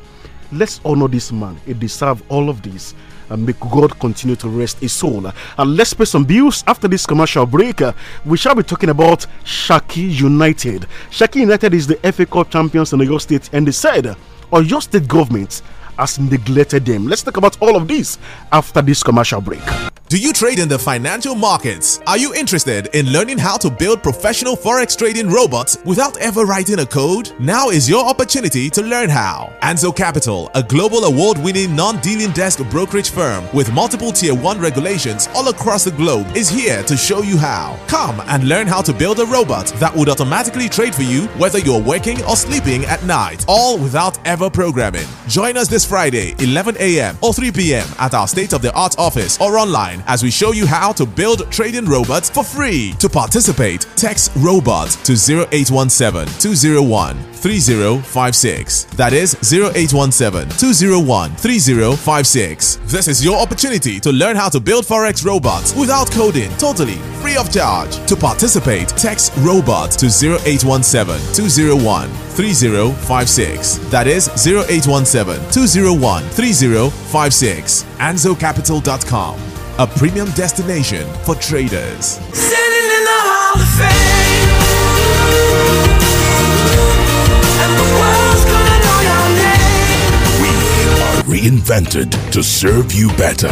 Let's honor this man. He deserves all of this. And may God continue to rest his soul. And let's pay some bills after this commercial break. Uh, we shall be talking about Shaki United. Shaki United is the FA Cup champions in Oyo State, and they said your State government has neglected them. Let's talk about all of this after this commercial break. Do you trade in the financial markets? Are you interested in learning how to build professional forex trading robots without ever writing a code? Now is your opportunity to learn how. Anzo Capital, a global award winning non dealing desk brokerage firm with multiple tier 1 regulations all across the globe, is here to show you how. Come and learn how to build a robot that would automatically trade for you whether you're working or sleeping at night, all without ever programming. Join us this Friday, 11 a.m. or 3 p.m. at our state of the art office or online as we show you how to build trading robots for free. To participate, text robot to 0817 201 3056. That is 0817 201 3056. This is your opportunity to learn how to build Forex robots without coding, totally free of charge. To participate, text robot to 0817 201 3056. That is 0817 201 01 3056. AnzoCapital.com, a premium destination for traders. reinvented to serve you better.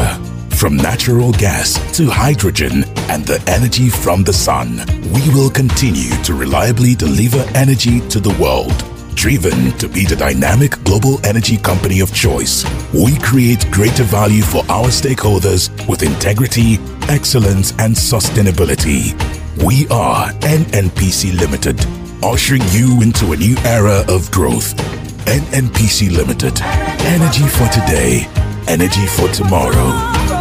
From natural gas to hydrogen and the energy from the sun, we will continue to reliably deliver energy to the world Driven to be the dynamic global energy company of choice, we create greater value for our stakeholders with integrity, excellence, and sustainability. We are NNPC Limited, ushering you into a new era of growth. NNPC Limited, energy for today, energy for tomorrow.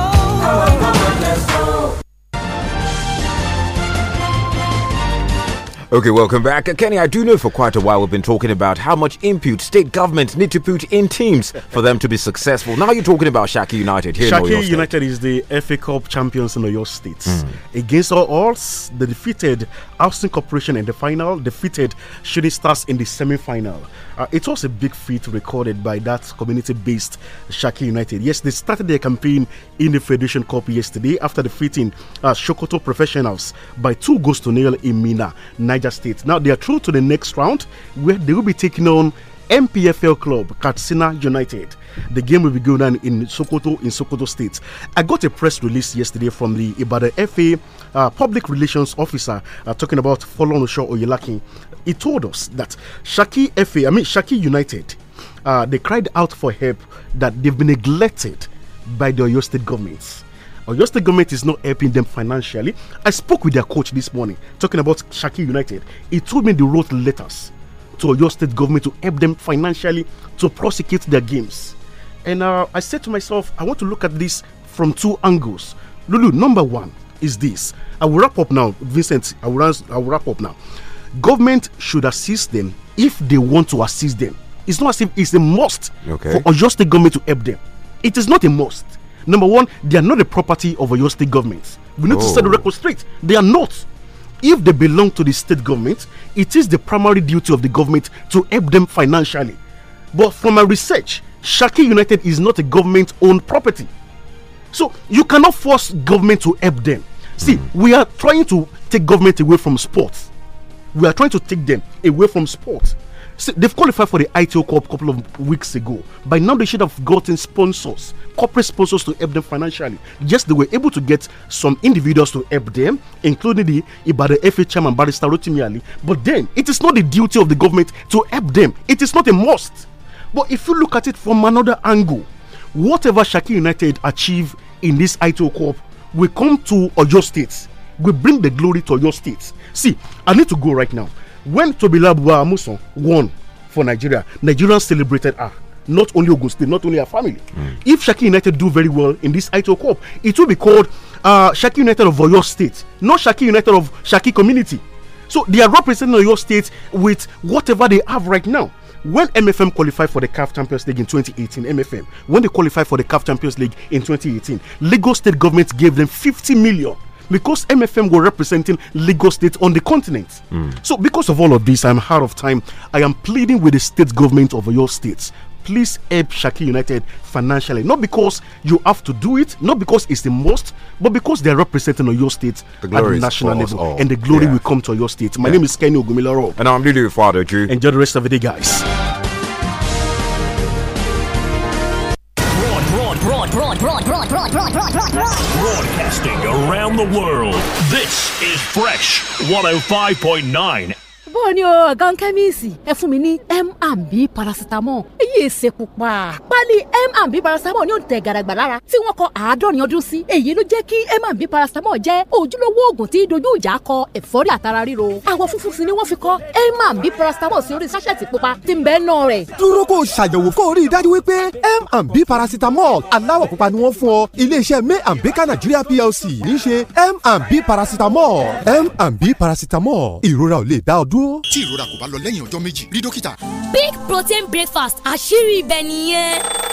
Okay, welcome back. Uh, Kenny, I do know for quite a while we've been talking about how much input state governments need to put in teams for them to be successful. Now you're talking about Shaki United here Shaki United is the FA Cup champions in Oyo State. Mm. Against all odds, they defeated Austin Corporation in the final, defeated Shooting Stars in the semi final. Uh, it was a big feat recorded by that community based Shaki United. Yes, they started their campaign in the Federation Cup yesterday after defeating uh, Shokoto Professionals by two goals to nil in Mina, Niger State. Now they are through to the next round where they will be taking on MPFL club Katsina United. The game will be going on in Sokoto, in Sokoto State. I got a press release yesterday from the Ibadan FA uh, public relations officer uh, talking about Folonosho Oyelaki. He told us that Shaki FA, I mean Shaki United, uh, they cried out for help that they've been neglected by the Oyo State governments. Oyo State government is not helping them financially. I spoke with their coach this morning talking about Shaki United. He told me they wrote letters to your State government to help them financially to prosecute their games. And uh, I said to myself, I want to look at this from two angles. Lulu, number one is this. I will wrap up now, Vincent. I will, I will wrap up now. Government should assist them if they want to assist them. It's not as if it's a must okay. for Oyo State government to help them. It is not a must. Number one, they are not the property of Oyo state government. We need oh. to set the oh. record straight. They are not. If they belong to the state government, it is the primary duty of the government to help them financially. But from my research, Shaki United is not a government owned property. So you cannot force government to help them. See, mm. we are trying to take government away from sports. We are trying to take them away from sports. See, they've qualified for the ITO Cup a couple of weeks ago. By now, they should have gotten sponsors, corporate sponsors to help them financially. Yes, they were able to get some individuals to help them, including the Ibadan FA chairman, Barrister Rotimi Ali. But then, it is not the duty of the government to help them. It is not a must. But if you look at it from another angle, whatever Shaki United achieve in this ITO Cup will come to Oyo State. We bring the glory to your State. See, I need to go right now. When Tobilabuwa Muson won for Nigeria, Nigerians celebrated her. Not only Ogun State, not only her family. Mm. If Shaki United do very well in this ITO Cup, it will be called uh, Shaki United of Oyo State, not Shaki United of Shaki Community. So they are representing Oyo State with whatever they have right now when MFM qualified for the CAF Champions League in 2018, MFM, when they qualified for the CAF Champions League in 2018, Lagos state government gave them 50 million because MFM were representing Lagos State on the continent. Mm. So, because of all of this, I'm out of time. I am pleading with the state government of your states please help Shaki United financially. Not because you have to do it, not because it's the most, but because they're representing your state the at the national level. All. And the glory yeah. will come to your state. My yeah. name is Kenny Ogumiloro. And I'm Lulu Father Drew. Enjoy the rest of the day, guys. broad, broad, broad, broad, broad, broad, broad, broad Broadcasting around the world, this is Fresh 105.9 bó ni o ọ̀gá kẹ́míìsì ẹ fún mi ní m and b paracetamol èyí èsè pupa pálí m and b paracetamol ní òǹtẹ̀ gàràgbà lára tí wọ́n kọ àádọ́rin ọdún sí èyí ló jẹ́ kí m and b paracetamol jẹ́ ojúlówó oògùn tí dojú ìjà kọ ẹ̀fọ́rí àtara ríro àwọ̀ funfun sí ni wọ́n fi kọ m and b paracetamol sí orí sáṣẹ̀tì pupa tí ń bẹ́ẹ̀ nọ rẹ̀. dúró kó o ṣàyẹ̀wò kó o rí i dájú wípé m and b paracetamol aláwọ̀ pupa ni wọ́n fún ọ iléeṣẹ́ may and baker nigeria plc ní ṣe m and b paracetamol m and b paracetamol ìrora ò lè dá ọ tí ìrora kò bá lọ lẹ́yìn ọjọ́ méjì rí dókítà. big protein breakfast àṣírí ibẹ̀ nìyẹn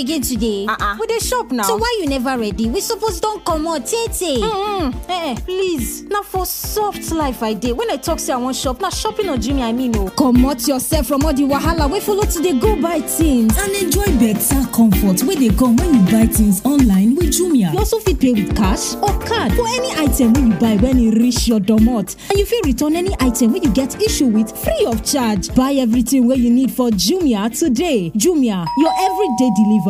again today with uh-uh. the shop now so why you never ready we suppose don't tey tey mm eh eh please Now for soft life i did. when i talk say i want shop Now shopping or jimmy i mean o oh. comot yourself from all the wahala wey follow today. go buy things and enjoy better comfort Where they come when you buy things online with jumia you also fit pay with cash or card for any item when you buy when you reach your domot and you feel return any item when you get issue with free of charge buy everything where you need for jumia today jumia your everyday delivery.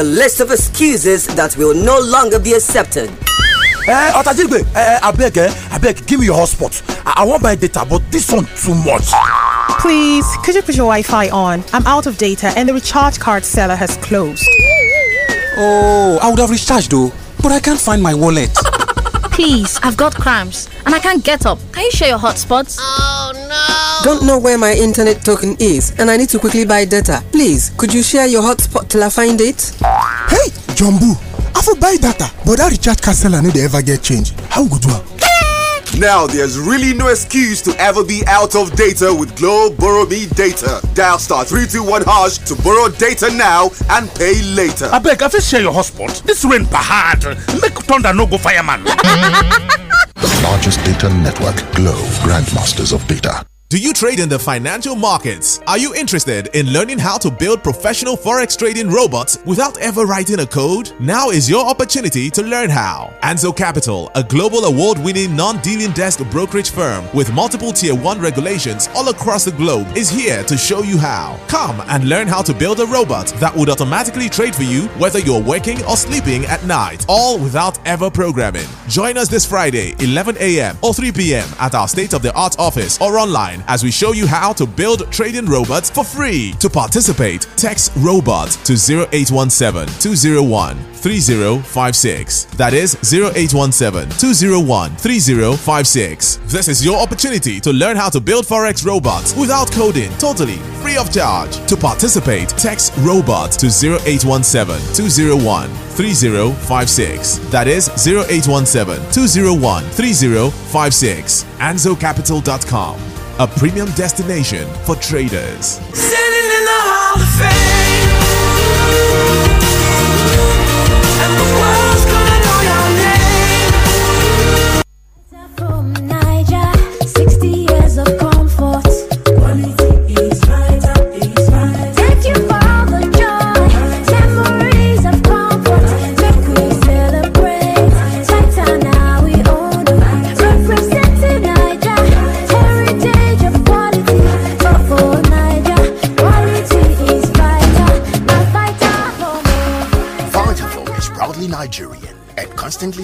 a list of excuses that will no longer be accepted. Eh, Otajigbe, eh, beg, eh, beg, eh, give me your hotspot. I, I want my data, but this one too much. Please, could you put your Wi-Fi on? I'm out of data and the recharge card seller has closed. Oh, I would have recharged though, but I can't find my wallet. Please, I've got cramps and I can't get up. Can you share your hotspots? Oh no! Don't know where my internet token is and I need to quickly buy data. Please, could you share your hotspot till I find it? Hey, Jumbo! I for buy data, but that recharge cancel I need to ever get change. How good one? Now there's really no excuse to ever be out of data with Globe Borrow Me Data. Dial star 321 hash to borrow data now and pay later. I beg, I fit share your hotspot. This rain bahad. Make thunder no go fireman. the largest data network, Globe, grandmasters of data. Do you trade in the financial markets? Are you interested in learning how to build professional forex trading robots without ever writing a code? Now is your opportunity to learn how. Anzo Capital, a global award-winning non-dealing desk brokerage firm with multiple tier 1 regulations all across the globe is here to show you how. Come and learn how to build a robot that would automatically trade for you whether you're working or sleeping at night, all without ever programming. Join us this Friday, 11 a.m. or 3 p.m. at our state-of-the-art office or online online as we show you how to build trading robots for free. To participate, text robot to 0817 201 3056. That is 0817 201 3056. This is your opportunity to learn how to build Forex robots without coding, totally free of charge. To participate, text robot to 0817 201 3056. That is 0817 201 3056. AnzoCapital.com a premium destination for traders.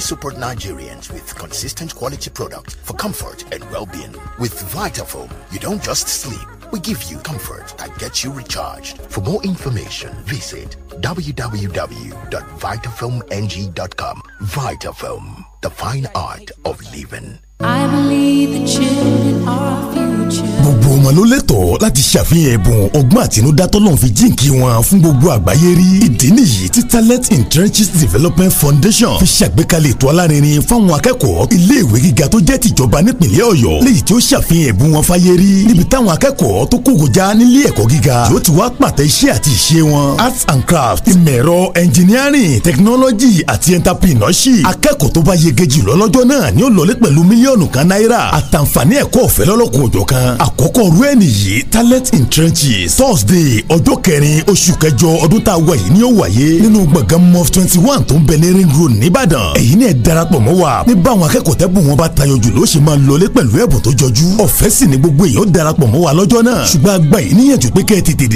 support Nigerians with consistent quality products for comfort and well-being. With Vitafoam, you don't just sleep. We give you comfort that gets you recharged. For more information, visit www.vitafilmng.com. Vitafilm, the fine art of living. I believe the children are gbogbo wọn ló lẹ́tọ̀ọ́ láti ṣàfihàn ẹ̀bùn ọgbọ́n àtinúdá tọ́lọ́run fi jíǹkí wọn fún gbogbo àgbáyé rí ìdí nìyí tí talent in trenches development foundation fi ṣàgbékalẹ̀ ètò alárinrin fáwọn akẹ́kọ̀ọ́ iléèwé gíga tó jẹ́ tìjọba nípìnlẹ̀ ọ̀yọ́ léyìí tí ó ṣàfihàn ẹ̀bùn wọn fáyé rí níbi táwọn akẹ́kọ̀ọ́ tó kógojá nílé ẹ̀kọ́ gíga yóò ti wá pàtẹ iṣẹ́ àti ìṣe wọn arts and crafts ìmọ̀ engineering technology àti entrepreneurship akẹ́kọ̀ọ́ tó bá yege jùlọ lọ́jọ́ náà ni ó lọlé pẹ̀lú mílíọ̀nù kan náírà àtàǹfààní ẹ̀kọ́ ọ̀fẹ́ lọ́lọ́kùn òjọ̀kan kan. àkókò rú ẹ̀ nìyí talent in trenches thursday ọjọ́ kẹrin oṣù kẹjọ ọdún tá a wà yìí ni ó wáyé nínú gbọ̀ngàn mof twenty one tó ń bẹ ní ring road nìbàdàn èyí ni ẹ darapọ̀ mọ́ wa ní báwọn akẹ́kọ̀ọ́ tẹ́bùn wọn bá tayọ jù ló ṣe máa lọlé pẹ̀lú ẹ̀bùn tó jọjú ọ̀fẹ́ sì ni gbogbo èèyàn darapọ̀ mọ́ wa lọ́jọ́ náà ṣùgbọ́n a gbà yín níyànjú pé kẹ́ ẹ tètè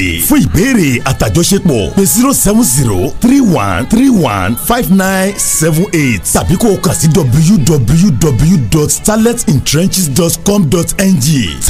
zero seven zero three one three one five nine seven eight tàbí kó o kà sí www.talentintrenches.com.ng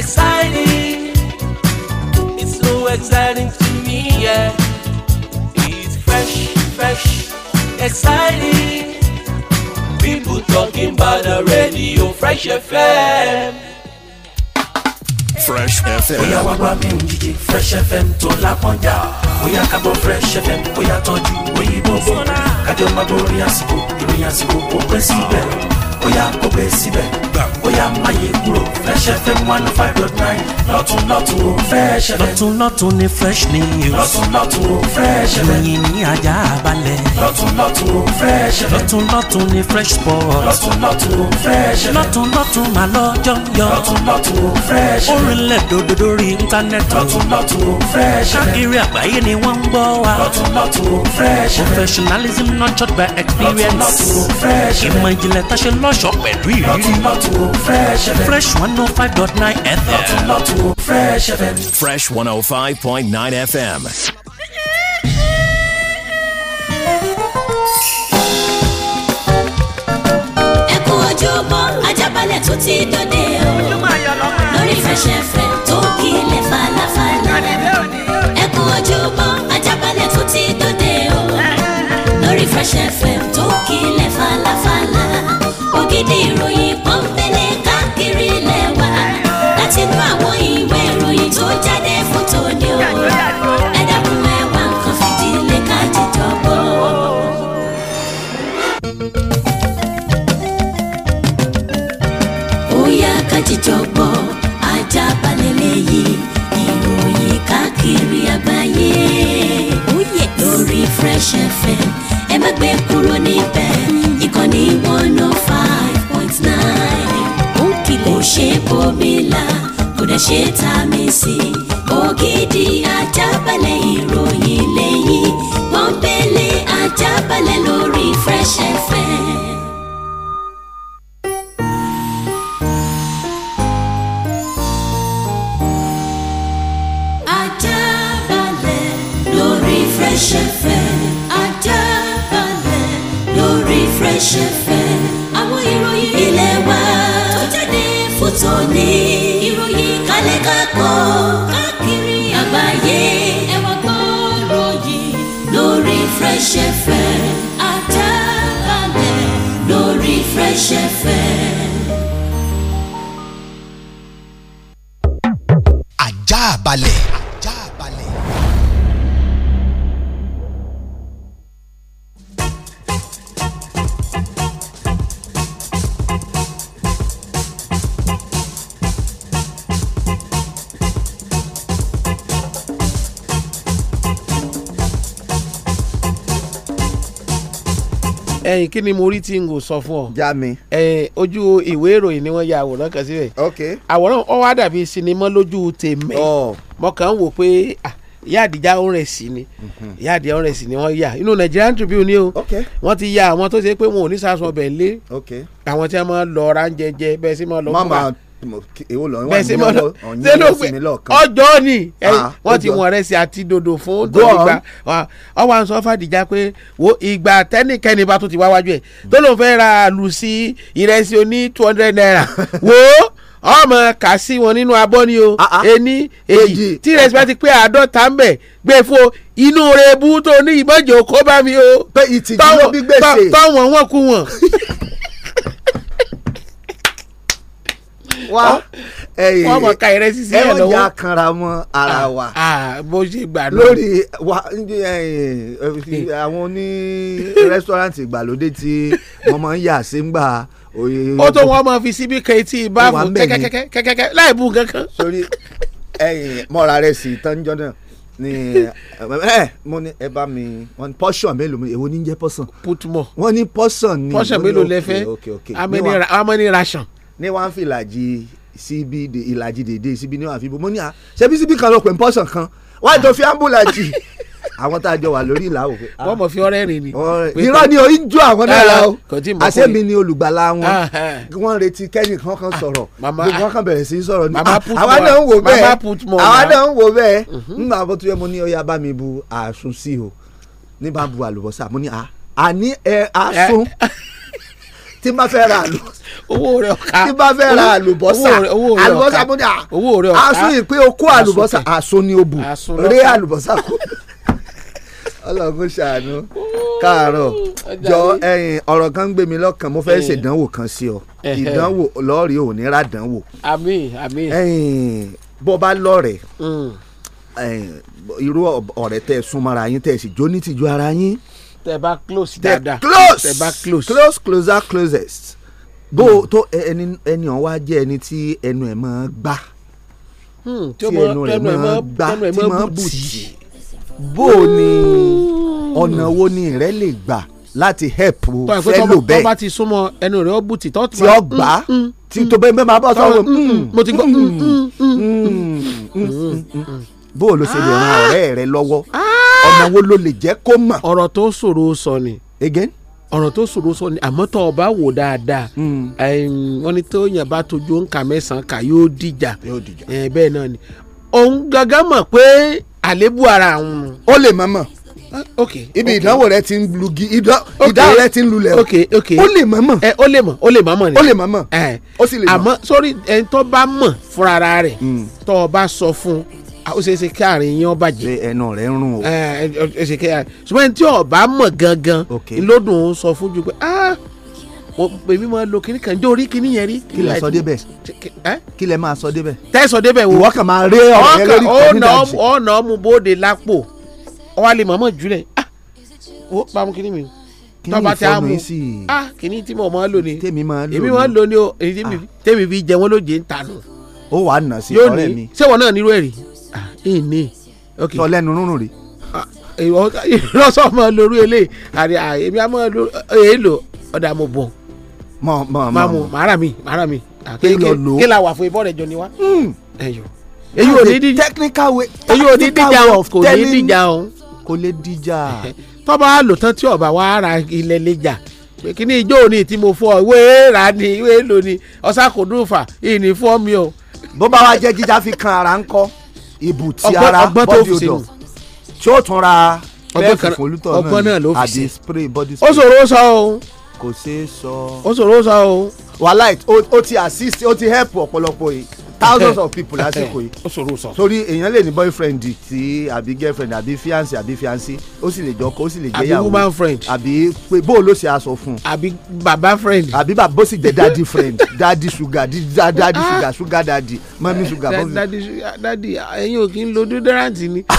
exciting. It's so exciting to me, yeah. It's fresh, fresh, exciting. People talking about the radio, Fresh FM. Fresh FM. Oya wá wá mi ń Fresh FM tó la lápọ́njà. Oya kábọ̀ Fresh FM, oya tọ́jú òyìnbó bò. Kájọ máa borí àsìkò, ìròyìn àsìkò kò pẹ́ síbẹ̀. Oya kò pẹ́ síbẹ̀. Oya máa fresh fm one oh five dot nine lọ́tún lọ́tún ó fresh fm. lọ́tún lọ́tún ni fresh news. lọ́tún lọ́tún ó fresh fm. ìròyìn ní ajá balẹ̀. lọ́tún lọ́tún ó fresh fm. lọ́tún lọ́tún ni fresh sport. lọ́tún lọ́tún ó fresh fm. lọ́tún lọ́tún mà lọ́jọ́ yọ. lọ́tún lọ́tún ó fresh fm. orílẹ̀ dòdò lórí íńtánẹ́ẹ̀tì. lọ́tún lọ́tún ó fresh fm. káàkiri àgbáyé ni wọ́n ń gbọ́ wa. lọ́tún lọ́tún ó fresh fm. professionalism nurtured by experience. lọ́tún lọ́tún ó fresh fm. ìmọ̀ ìjìnlẹ̀ tá a ṣe lọ́ṣọ̀ọ́ pẹ̀lú ìrírí. lọ́tún lọ́tún ó fresh fm. fresh one oh five Oh five FM. nine FM. Fresh FM. Fresh 105.9 FM. Ẹ kú ojúbọ Ajábalẹ̀ ti dòde o lórí Fresh FM falafala. Ẹ kú ti dòde o lórí Fresh FM tó kílẹ̀ falafala. Ògidì ìròyìn pọ́ńpẹ́. bòmílà kò dẹ̀ ṣe ta mi sí i ògidì ajábalẹ̀ ìròyìn lẹ́yìn pọ́npẹ́lẹ́ ajábalẹ̀ lórí Fresh FM. ẹ̀yìn kí ni mo rí tí n kò sọ fún ọ. já mi. ẹ ojú ìwé ìròyìn ni wọ́n ya àwòrán kan síbẹ̀. ok àwòrán ọ wá sinimá lójú tèmi. mo ń wò pé ìyá àdìjá orin sí ni mhm. ìyá àdìjá orin sí ni wọ́n yà inú Nigerian Tribune ni o. wọ́n ti ya àwọn tó ṣe pé wọn ò ní sàṣọ ọbẹ̀ lé. àwọn tí wọ́n máa lọ ra ń jẹjẹ bẹ́ẹ̀ sì máa lọ fún wa èwo lọ wà ní ọwọ́ ọyìn ọsìn mi lọọkan. ọjọ́ ni ah, wọ́n ti wọ̀n rẹ̀ sí àti dòdò fún tòlígbà ọwọ́ àwọn sọ fàdíjà pé wo ìgbà tẹ́nìkẹ́ni bá tún ti wá wájú ẹ̀ tó ló ń fẹ́ ra àlù sí ìrẹsì oní two hundred naira wo ọmọ kà sí wọn nínú abọ́ ni o ah, ah. ení èyí tí ìrẹsì bá ti pé àádọ́ta ń bẹ̀ gbé e fún o inú rebu tó ní ìbọ̀jọ̀ kó bá mi o. tọ́wọ̀n wọn kú wọn. wá wọ́n mọ̀ ká ìrẹsì sí ẹ̀ lọ́wọ́. ẹ ọjà kanra mọ ara ah, wa. Ah, bó ṣe gbà náà. lórí hmm. àwọn oní rẹ́sítọ́rántì ìgbàlódé tí wọ́n máa ń yà sí ń gbà. ó tó wọ́n máa fi síbí kan etí báàbù kẹ́kẹ́kẹ́kẹ́kẹ́ láì bù kankan. sori mọ́ra rẹ̀ sí tánjọ́ náà ni ẹ mo ní ẹ bá mi wọn ní portion mélòó mi èwo ní jẹ portion. put more. wọn ní portion ni. portion mélòó lẹ fẹ́ amẹni ration ní wọ́n fi ìlàjì síbi ìlàjì dèdè síbi ní wọ́n fi bò mo ní à ṣebí síbi kan ló pè ń pọ́sàn kan wọ́n àjọ fi ambulance àwọn tá a jọ wà lórí ìlà òfin. Ah. wọ́n mọ̀ fi ọ̀rẹ́ rìn ni. irọ́ ni oyin jó àwọn náà la o àṣẹ́mi ni olùgbàlà wọn ah, wọ́n retí kẹ́yìn kan kan ah, sọ̀rọ̀ gbogbo wọn kan bẹ̀rẹ̀ sí í sọ̀rọ̀ ni àwa náà ń wò bẹ́ẹ̀ àwa mhm. náà ń wò bẹ́ẹ̀ nígbà bó tún yẹ mo ní ọyá bá mi bu àsun sí o ní bá bu àlùbọ́sà mo ní àní ẹ àsun tí ma bá fẹ́ ra àlù. owó rẹ ọ̀ka tí n bá fẹ́ ra àlùbọ́sà àlùbọ́sà mo ní à owó rẹ ọ̀ka aṣọ ìpè okó àlùbọ́sà aṣọ ni o bù ré àlùbọ́sà kù. ọlọ́run ṣàánú káàárọ̀ jọ ẹyin ọ̀rọ̀ kan ń gbé mi lọ́kàn mo fẹ́ eh. ṣèdánwò kan sí ọ eh, eh. ìdánwò lọ́ọ̀rì ò ní ra dánwò. àmín àmín. ẹyin bó bá lọ́ọ̀rẹ́ mm. irú ọ̀rẹ́ tẹ́ súnmọ́ra yín tẹ́ sì jó tìjú ara yín tẹ bá close dada tẹ bá close close closer closest bó mm. tó ẹni ẹni ọ̀hún wá jẹ́ ẹni tí ẹnu ẹ̀ máa gbá hmm, tí ẹnu ẹ̀ máa gbá tí máa bù tì bó ni hmm. ọ̀nà wo ni rẹ lè gbà láti help fẹ́lò bẹ́ẹ̀. tọ́ba ti súnmọ́ ẹnu rẹ̀ ó bùtì tọ́ ti ọgbà hmm, tí tó bẹ́ẹ̀ máa bọ́ sọ́wọ́ mo ti gbọ́. bó o lo ṣe lè ran ọ̀rẹ́ rẹ lọ́wọ́. Ah! ọ̀nà wo ló lè jẹ́ kó mọ̀. ọ̀rọ̀ tó ṣòro sọ ni. again ọ̀rọ̀ tó ṣòro sọ ni àmọ́ tó o bá wò dáadáa hmm. wọ́n ní tó yàn bá tójú nǹka mẹ́sàn-án kà yóò dìjà bẹ́ẹ̀ náà ni òun gangan mọ̀ pé àléébù ara òun. ó lè mọ̀ mọ̀ ah, ibi ìdánwò rẹ ti ń lugi ìdánwò rẹ ti ń lulẹ̀ o ó lè mọ̀ mọ̀. ó lè mọ̀ ó lè mọ̀ mọ̀ ni. ó lè mọ̀ mọ̀ ó sì lè mọ̀. àmọ́ sórí ẹni tó bá mọ̀ fúnra rẹ̀ hmm. tó o bá sọ fún un ó ṣe é ṣe kí àárín yín ó bàjẹ́. ṣe ẹnu rẹ ń rùn o. ẹ ẹ ṣe kí àárín ṣùgbọ́n ẹni tí ọba mọ̀ gangan lódùn sọ fún ju pé ah, èmi máa lo kinní kan jó rí kinní yẹn rí. kí lẹ sọ débẹ̀ kí lẹ máa sọ débẹ̀. tẹ́ sọ débẹ̀ wo ìwọ kàn máa ré ọ̀rẹ́ lórí kọ́mídàjì. ọ̀nà ọ̀nà ọmú bóde lápò ọwọ́ lè mọ̀ọ́mọ̀ jùlẹ̀ ah wo bámu kinní mi tọba tí a mú ah kìíní tí mo máa lò ní èmi máa lò ní o èyí ah. tèmi fi jẹ wọn lóje ń ta nù. ó wàá nà sí ọ̀rẹ́ mi. yóò ní sẹ́wọ̀n náà nírú ẹ̀ rí ìní. sọ lẹ́nu rúnrún rè. ìrọsọ mọ lórí eléyìí àti èmi àmọ èèlò eh, ọ̀dà mo bọ̀. mọ mọ mọ mọ màárà mi màárà mi. kí la wà fún ibọ̀ rẹ̀ jọ ni èyí hmm. ò ní díjà technical way kò ní díjà o kò lè díjà. tọ́ba àlòtán tí ọba wa ra ilẹ̀ lè jà pé kí ni ijó tí mo fọ ìwé rà ni ìwé lò ọ̀sà kò dùn fà ìní fọ́ mi o. bó bá wa jẹ́ jíjà fi kan ara ń kọ́ ibù ti ara body odor tí ó tún ra bẹ́ẹ̀fì fòlútọ̀ náà àti spray body spray. ó ṣòro ó sọ o. kò ṣeé sọ. ó ṣòro ó sọ o. wàhálà ó ti assist ó ti help ọ̀pọ̀lọpọ̀ yìí thousands of people lásìkò yìí ó ṣòro sọ torí èèyàn lè ní boyfriend tí àbí girlfriend àbí fiance àbí fiance ó sì lè jọkọ ó sì lè jẹyàwó àbí woman friend àbí pé bó ló ṣe aṣọ fún un àbí baba friend àbí bàbá bó sì jẹ daddy friend daddy sugar daddy ah! sugar sugar daddy mami eh, sugar mami. daddy sugar ah, daddy ẹ̀yin ò kí ń lo deodorant ni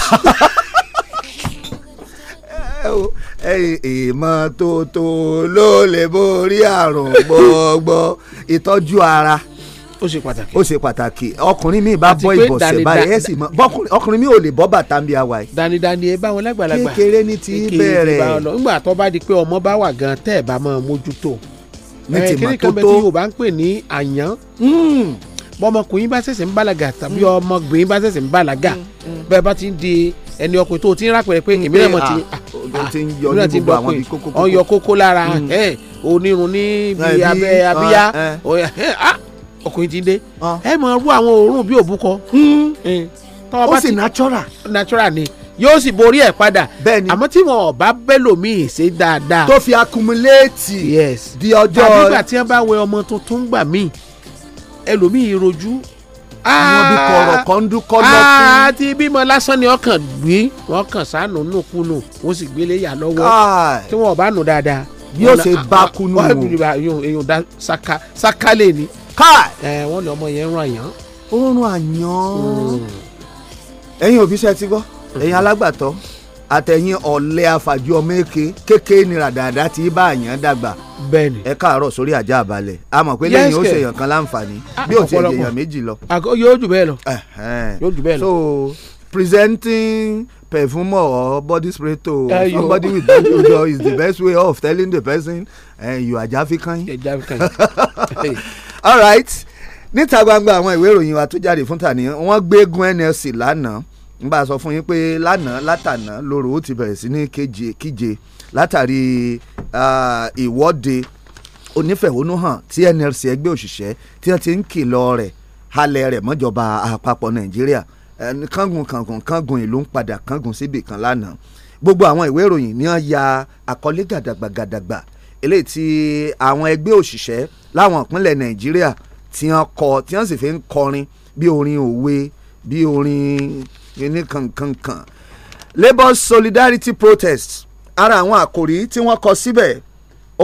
eh, eh, ìmọ́tótó ló lè borí àrùn gbogbo ìtọ́jú ara ó ṣe pàtàkì. ó ṣe pàtàkì ọkùnrin mi bá bọ́ ìbọ̀sẹ̀ báyìí ẹ sì mọ ọkùnrin mi ò lè bọ́ bàtà bí àwa yìí. danidani ẹ bá wọn lágbàlagbà kékeré ní ti bẹ̀rẹ̀. nígbà tó bá di pé ọmọ bá wà gan tẹ́ ẹ̀ bá máa mójútó. ní tèmọ́tótó kékeré kan bẹ tí Yorùbá ń pè ní àyàn hmm. bọ́mọkùnrin bá ṣẹ̀ṣẹ̀ ń bàlágà tàbí hmm. ọmọbìnrin bá ṣẹ̀ṣẹ̀ ń bàlágà hmm, bẹ́ẹ̀ bá ti ń di ẹni ọkùnrin tó ti ń rápẹ̀rẹ̀ pé èmi náà mọ̀ ti ah, ah, èmi kókó lára eh, onírun ní ibi eh, abẹ́ ah, abíyá eh ọkùnrin ti dé ah. ẹ máa rú àwọn òórùn bí òbúkọ. Hmm. Eh, ó sì natural. natural ni yóò sì borí ẹ̀ padà bẹ́ẹ̀ni àmọ́ tí wọn ọba bẹlòmíì ṣe dáadáa. tó fi accumulate. yes di ọjọ́ tàbí ìgbà tí wọn bá wẹ ọmọ tuntun gbà míì ẹlòmíì rojú wọn bí kọ̀rọ̀ ah. kan ń dúkọ́ lọ́kùn. Ah, àti bímọ lásán ni ọkàn gbé wọn kàn sánú nùkúnù wọn sì gbélé yà lọ́wọ́ tí wọn ò bá nù dáadáa. bí ó ṣe bá kúnú èèyàn saka saka lè ní káà ẹ wọn lọ ọmọ yẹn ń rún àyàn. ó ń rún àyàn. Hmm. ẹ̀yin òbí ṣe ti gbọ́ ẹ̀yin alágbàtọ́ àtẹ̀yìn ọ̀lẹ́ àfàjù ọmọ èké kékeré ni ràdàdà ti bá àyàn dàgbà bẹ́ẹ̀ni ẹ káàárọ̀ sórí àjà àbálẹ̀ a mọ̀ pé lẹ́yìn ó ṣèyàn kan láǹfààní ah, bí ó ti èèyàn méjì lọ. yóò jù bẹ́ẹ̀ lọ. yóò jù bẹ́ẹ̀ lọ. so presenting perfume or body spray to uh, somebody with bad odor is the best way of telling the person uh, you are jafikan. jafikan. all right níta gbangba àwọn ìwé ìròyìn wa tó jáde fún tàní wọ́n gbégun NLC lánàá n bá a sọ fún yín pé lánàá látànà lóru ó ti bẹ̀rẹ̀ sí ní kéje kíje látàrí ìwọ́de onífẹ̀hónúhàn tí NLC ẹgbẹ́ òṣìṣẹ́ tí wọ́n ti ń kìlọ̀ rẹ̀ halẹ̀ rẹ̀ mọ́jọba àpapọ̀ Nàìjíríà kángun kángun kángun ìlú ń padà kángun síbì kan lánàá gbogbo àwọn ìwé ìròyìn ni wọ́n ya àkọlé gàdàgbà gàdàgbà eléyìí tí àwọn ẹgbẹ́ òṣìṣẹ́ láwọn ìpínlẹ̀ nàìjíríà tí wọ́n kọ tí wọ́n sì fi ń kọrin bí orin òwe bí orin oníkankankan labour solidarity protest ara àwọn àkòrí tí wọ́n kọ síbẹ̀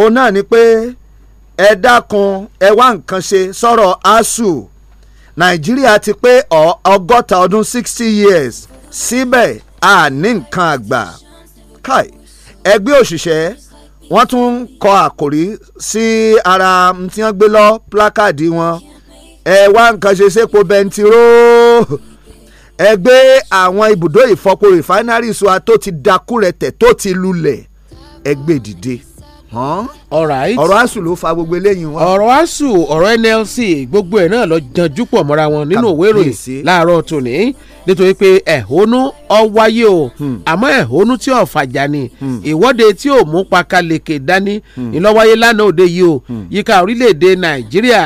òun náà ni pé ẹ dákun ẹ wá nǹkan ṣe sọ̀rọ̀ asuu nàìjíríà ti pé ọgọ́ta ọdún sixty years síbẹ̀ a ní nǹkan àgbà kai ẹgbẹ́ òṣìṣẹ́ wọ́n tún ń kọ àkòrí sí ara tí wọ́n gbé lọ plákàdì wọn ẹ wá nǹkan ṣe sépo bẹntiró ẹ gbé àwọn ibùdó ìfọpo rìfánárì sọ tó ti dakú rẹtẹ̀ tó ti lulẹ̀ ẹ gbé dìde alright ọ̀rọ̀ asuu ló fa gbogbo eléyìí wá. ọ̀rọ̀ asuu ọ̀rọ̀ NLC gbogbo ẹ̀ náà lọ janjú pọ̀ mọ́ra wọn nínú òwe ìròyìn láàárọ̀ tòní nítorí pé ẹ̀hónú ọ̀wáyé o hmm. àmọ́ ẹ̀hónú tí ò fàjà ni hmm. ìwọ́de tí ò mú pakalèkè dání ìlọ́wáyé hmm. lánàá òde yìí o yíká orílẹ̀-èdè Nàìjíríà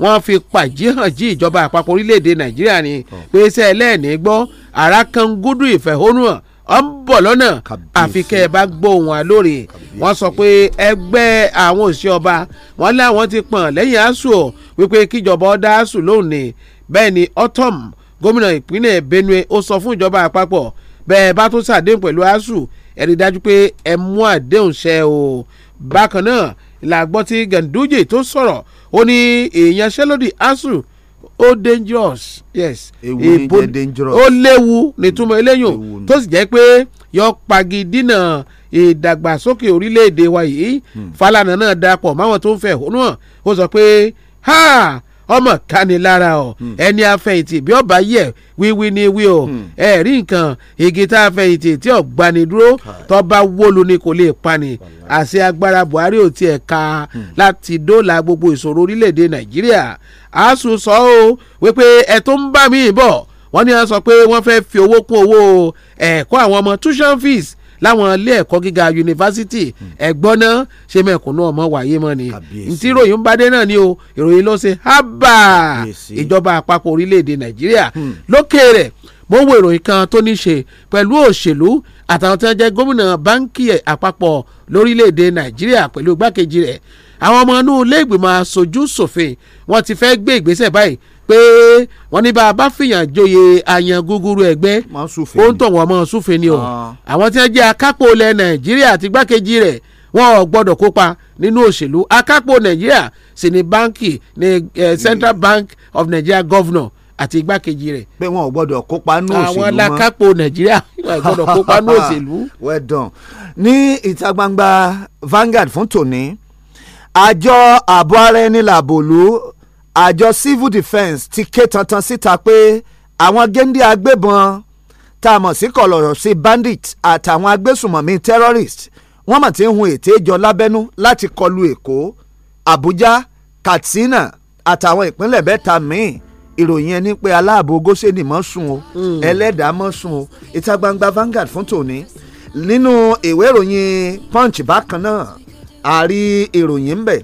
wọ́n fi pàjí hàn jí ìjọba àpapọ̀ orílẹ̀-èdè Nàìjíríà ni oh. pé sẹ́ẹ̀lẹ́ẹ̀ ní gbọ́ àrà kan gúdù ìfẹ̀hónú ọ ń bọ̀ lọ́nà àfi kẹ́ ẹ bá gbọ́ ohùn àlóore wọ́n sọ pé ẹgbẹ́ àwọn òṣìṣẹ́ ọba wọ́n láwọn ti pọ̀n lẹ́yìn asuu ọ̀ wípé kíjọba ọ̀dà asuu lóhùn ni bẹ́ẹ̀ ni autumn gómìnà ìpínlẹ̀ benue ó sọ fún ìjọba àpapọ̀ bẹ́ẹ̀ bá tó ṣàdéhùn pẹ̀lú asuu ẹ rí dájú pé ẹ mú àdéhùn ṣẹ o bákan náà la gbọ́ tí tó sọ̀rọ̀ ó ní ìyanṣẹ́lódì asuu ó dangerous yes èbó ó léwu nítumọ̀ eléyìí o tó sì jẹ́ pé yọ pagidínà ìdàgbàsókè orílẹ̀-èdè wa yìí hmm. Falana náà darapọ̀ máwọn tó ń fẹ̀hónú hàn ó sọ pé ha ọmọ kanilára o, hmm. ẹni afẹ̀yìntì bí ọba yẹ wíwí ni wí o hmm. ẹ̀rí nǹkan igi tá a fẹ̀yìntì tí ọ̀gbani dúró tọ́ba wólu ni kò lè pani àṣẹ agbára Buhari ò tiẹ̀ ka hmm. láti dóòlà gbogbo ìṣòro orílẹ̀-èdè Nàìjíríà àásùn sọ ọ́ wípé ẹ̀ tó ń bá mi bọ̀ wọ́n ní wọ́n sọ pé wọ́n fẹ́ fi owó kún owó ẹ̀kọ́ àwọn ọmọ tuition fees láwọn ilé ẹ̀kọ́ gíga yunifásitì hmm. ẹ̀gbọ́n náà ṣe mẹ́kúnnú ọmọ wáyé mọ́ ni ntí ìròyìn bá dé náà ni o ìròyìn ló ṣe hábà ìjọba àpapọ̀ orílẹ̀-èdè nàìjíríà hmm. lókè rẹ̀ mo wo ìròyìn kan tó ní ṣe pẹ̀lú òṣèlú àtàwọn tí wọ́n jẹ́ gómìnà báńkì àpapọ̀ lórílẹ̀‐èdè nàìjíríà pẹ̀lú igbákejì rẹ̀ àwọn ọmọ inú ilé ìgbìmọ̀ aṣojú ṣòfin wọ́n ti fẹ́ gbé ìgbésẹ̀ báyìí pé wọ́n ní bá a bá fìyàn joyè àyàn gúgúrú ẹgbẹ́ ó ń wọ́n mọ́ súnfin ni o ah. àwọn tí wọ́n jẹ́ akápò ilẹ̀ nàìjíríà àti igbákejì rẹ̀ wọn gbọ́dọ̀ kópa nínú òṣèlú akápò nàìjíríà sì ni báńkì ní eh, Central Bank of Nigeria governor àti igbákejì rẹ̀. pé wọn ò gbọ́dọ̀ kópa nínú òṣèlú mọ́ àwọn lákápò nàìjíríà wọn ò gbọ́dọ̀ kópa nínú òṣèlú. well ní ìta gbangba Vanguard fún tòní àjọ ààbò ara ẹni làbòlú àjọ civil defence ti ké tantan síta pé àwọn géńdé agbébọn tá a mọ̀ sí kọ̀lọ̀rọ̀ sí bandit àtàwọn agbésùmọ̀mí terrorist wọ́n mọ̀ tí ń hun ètè jọ lábẹ́nú láti kọlu Èkó Àbújá Katsina àtàwọn ìpínlẹ̀ mẹ́ta míì ìròyìn ẹni pé aláàbò Gósẹ́nì mọ́ sùn o hmm. ẹlẹ́dàá mọ́ sùn o ìta gbangba Vanguard fún tòní nínú ìwé ìròyìn Punch bákan náà àrí ìròyìn ń bẹ̀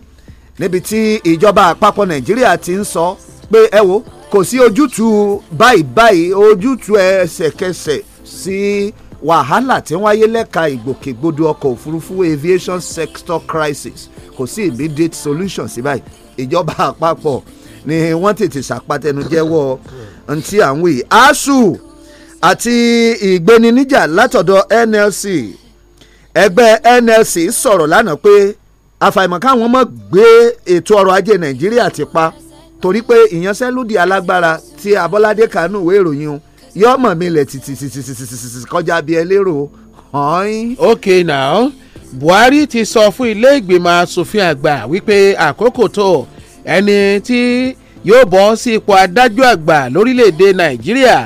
níbi tí ìjọba àpapọ̀ nàìjíríà ti ń sọ pé ẹ wo kò sí ojútùú báyìí báyìí ojútùú ẹsẹ̀kẹsẹ̀ sí wàhálà tí ń wáyé lẹ́ka ìgbòkègbodò ọkọ̀ òfurufú aviation sector crisis kò sí immediate solution sí báyìí ìjọba àpapọ̀ ni wọ́n tètè ṣàpàtẹnujẹ́wọ́ ntí àwọn yìí asu àti ìgbéniníjà látọ̀dọ̀ NLC ẹgbẹ́ NLC sọ̀rọ̀ lánàá pé àfàìmọ̀ káwọn mọ̀ gbé ètò ọrọ̀ ajé nàìjíríà ti pa torí pé ìyanṣẹ́lódì alágbára tí abọ́ládé kánú ìwé ìròyìn yóò mọ̀ mi lẹ̀ tìtìtìtìtìtì kọjá bí ẹ ok now buhari ti sọ fún ilé ìgbìmọ̀ asòfin àgbà wípé àkókò tó ẹni tí yóò bọ́ sí ipò adájọ́ àgbà lórílẹ̀‐èdè nàìjíríà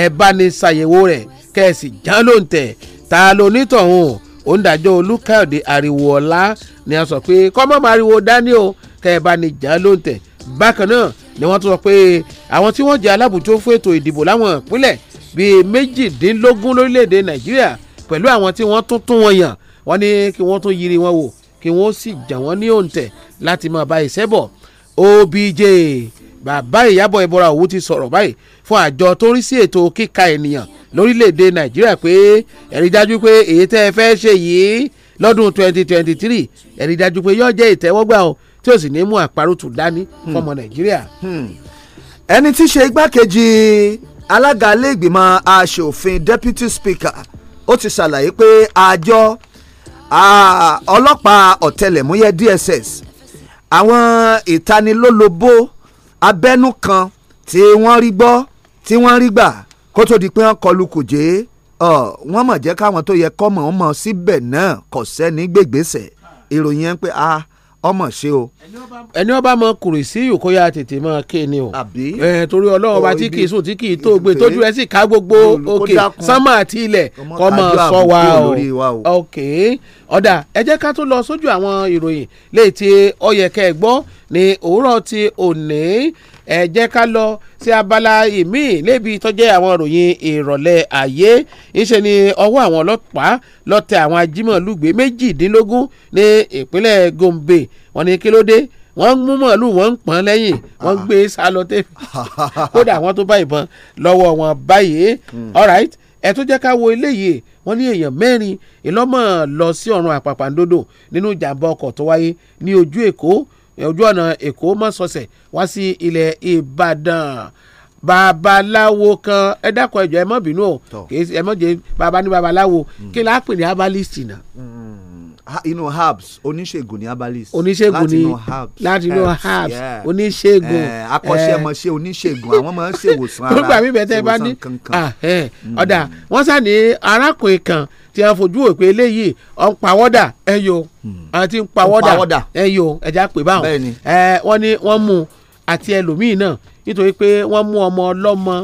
ẹ̀ bá ní ṣàyẹ̀wò rẹ̀ kẹ̀sì jálòǹtẹ̀ ta ló nítọ̀hún òǹdàjọ́ olúkáyọ̀dé ariwoọlá ni a sọ pé kọ́mọ́ máa ariwo dání o kẹ́ẹ̀bá ni jà ló ń tẹ̀ bákan náà ni wọ́n tún sọ pé àwọn tí wọ́n jẹ́ alábòjútó fún ètò ìdìbò láwọn ìpínlẹ̀ bíi méjìdínlógún lórílẹ̀‐èdè nàìjíríà pẹ̀lú àwọn tí wọ́n tún tún wọn yàn wọ́n ní kí wọ́n tún yiri wọn wò kí wọ́n sì jà wọ́n ní òǹtẹ̀ láti máa bá iṣẹ́ OBJ bàbá ìyábọ̀ ìbọra òwú ti sọ̀rọ̀ báyìí fún àjọ tó ń rí sí ètò kíka ènìyàn lórílẹ̀‐èdè nàìjíríà pé ẹ̀rí dájú pé èyí tẹ́ ẹ fẹ́ ṣe yìí lọ́dún 2023 ẹ̀rí dájú pé yóò jẹ́ ìtẹ́wọ́gbà o tí ó sì ní mú àparùtù dání fọmọ hmm. nàìjíríà. Hmm. ẹni tí í ṣe igbákejì alága ilé asòfin deputy speaker ó ti ṣàlàyé pé àjọ ọlọ́pàá ọ̀tẹlẹ̀múyẹ́ DSS àwọn ìtanilólobó abẹ́nú kan tí wọ́n rí gbọ́ tí wọ́n rí gbà kó tó di pé wọ́n kọlu kòjé wọ́n mọ̀ jẹ́ káwọn tó yẹ kọ́ mọ̀ ọ́n mọ̀ síbẹ̀ náà kò sẹ́ni gbègbèsẹ̀ ìròyìn ẹ̀ pé a. Ah, ọmọ ṣe o. ẹni ọba mọ kùrìsì yòókó ya tètè máa ké ni o. àbí ẹ torí ọlọ́run ọba tí kìí sùn tí kìí tó gbé tójú ẹ sì ká gbogbo òkè sánmà àti ilẹ̀ kọ́ mọ sọ wa o. ok ọ̀dà ẹ jẹ́ ká tó lọ sójú àwọn ìròyìn léètì ọ̀yẹ̀kẹ́ gbọ́ ní òwúrọ̀ ti òní ẹ jẹ́ ká lọ sí abala ìmíì lébi tọ́jẹ́ àwọn ròyìn ìrọ̀lẹ́ ayé ìṣe ni ọwọ́ àwọn ọlọ́pàá lọ́tẹ̀ àwọn ajímọ̀lúgbé méjìdínlógún ní ìpínlẹ̀ Gombe wọ́n ní kí ló dé wọ́n ń mú màálù wọ́n ń pọ́n lẹ́yìn wọ́n ń gbé e sálọ tẹ́fì kódà wọ́n tó bá ìbọn lọ́wọ́ wọn báyìí hmm. all right ẹ tó jẹ́ ká wo eléyìí wọ́n ní èèyàn mẹ́rin ìlọ́mọ̀ lọ sí ọ̀run àpàpàǹdodo nínú ìjàmbá ọkọ̀ tó wáyé ní ojú Èkó ojú ọ̀nà èkó mọ́sọ̀ọ̀sẹ̀ wá sí ilẹ̀ ìbàdàn babaláwo kan ẹ dákun ẹjọ ẹ má bínú o ẹ má jẹ baba ní babaláwo hmm. kí lápè ní herbalist náà. Hmm inú herbs oníṣègùn ní abalis. oníṣègùn ní láti inú herbs oníṣègùn eh, akọ́ṣẹ́mọṣẹ́ eh. oníṣègùn àwọn máa ń ṣèwòsàn ara gbogbo àmì bẹ́tẹ̀ bá ní ah, eh, hmm. ọ̀dà wọ́n sá ní arákùnrin kan tí wọ́n fojú wò pé eléyìí ọ̀ ń pawọ́dà ẹ̀yọ àti hmm. ń pawọ́dà ẹ̀yọ ẹ̀já pè báwọn wọ́n ní wọ́n mú àti ẹlòmíì náà nítorí pé wọ́n mú ọmọ ọlọ́mọ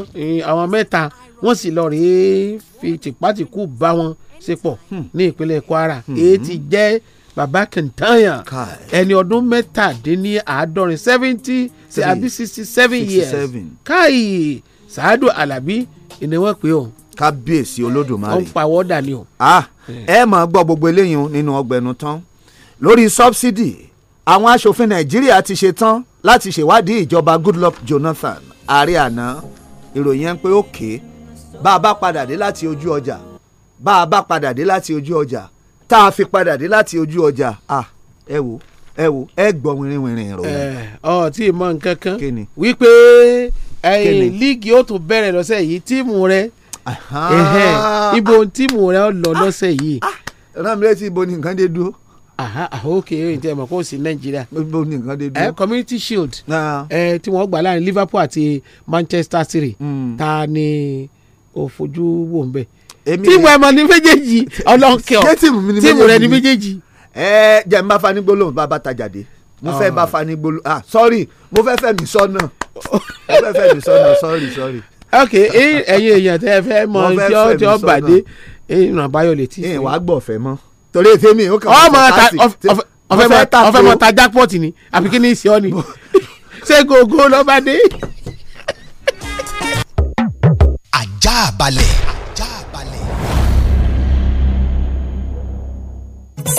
àwọn mẹ́ta wọ́n sì lọ rèé fi tìpátìkú bá wọn ṣe pọ̀ hmm. ní ìpínlẹ̀ Kwara hmm. èyí ti jẹ́ baba kìntàyàn ẹni ọdún mẹ́tàdínláàádọ́rin seventy àbí sixty seven years káyì Sàádù Àlàbí ìní wọ́n pè ó kábíyèsí olódùmarè ó ń pawọ́ dà ní o. Ah, hmm. ẹ máa gbọ́ gbogbo eléyìí nínú ọgbẹ́nu tán lórí sọ́bsidì àwọn aṣòfin nàìjíríà ti ṣe tán láti ṣèwádìí ìjọba Goodluck Jonathan ààrẹ àná ìròyìn ẹ ń pé òkè bá a bá padà dé láti ojú ọjà bá a bá padà dé láti ojú ọjà tá a fi padà dé láti ojú ọjà ah ẹ wò ẹ wò ẹ gbọ́ wìrìwìrì ìròyìn. ẹ ọ tí ì mọ nǹkan kan wípé líìgì ó tún bẹ̀rẹ̀ lọ́sẹ̀ yìí tíìmù rẹ ibo tíìmù rẹ lọ ah, lọ́sẹ̀ yìí. Ah, rán mi létí ibo ni nǹkan dé dúró aha ok ntẹ mọ kó o sí nàìjíríà ẹ community shield ah. ẹ tí wọ́n gbà láàrin liverpool àti manchester city hmm. ta ni òfojú wò ń bẹ tíìmù ẹ̀ mọ̀ ní méjèèjì ọlọ́nkẹ́ ọ tíìmù rẹ̀ ní méjèèjì. ẹ jẹ́ n bá fani gbólóhùn bá bá tajà dé mo fẹ́ ah. bá fani gbólóhùn ah sorry mo fẹ́ fẹ́ mi sọ́nà mo fẹ́ fẹ́ mi sọ́nà sorry sorry. ok ẹ̀yin èèyàn tẹ́ ẹ fẹ́ mọ̀ tí ọ tí ọ bàdé ìrìn àbáyọ lè ti. ẹ wàá gbọ̀fẹ́ mọ́ torí ètè mi ó kàn ọfẹ mọ ta jackpot ni àbí kí ni ìṣe ọ ni ṣé gògó lọ́ba dé. ajá balẹ̀.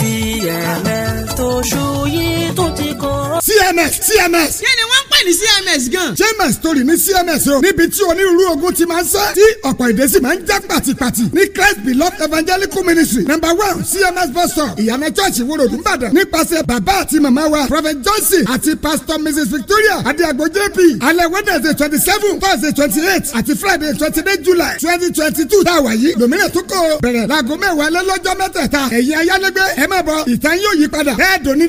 cms tó ṣú yìí tó ti kọ́. cms cms. kí ni wọ́n ń bẹ́ẹ̀ ni CMS gan. James Torí ní CMS o níbi tí onírúurú ogun ti máa ń sẹ́ tí ọ̀pọ̀ èdè sì máa ń já pàtìpàtì ní Christ Beloved Evangelical Ministry number one CMS bọ́sọ̀ ìyànà church ìwòrò ìbàdàn nípasẹ̀ bàbá àti màmá wa Prophet Johnson àti Pastor Mrs Victoria Adiago JP alẹ́ Wednesday twenty seven Thursday twenty eight àti Friday twenty eight July twenty twenty two tá a wà yìí lòmìnira tó kọ́ bẹ̀rẹ̀ láago mẹ́wàá lọ́jọ́ mẹ́tẹ̀ẹ̀ta ẹ̀yin ayálégbé ẹ má bọ̀ ìtàn yóò yí padà bẹ́ẹ̀ dòní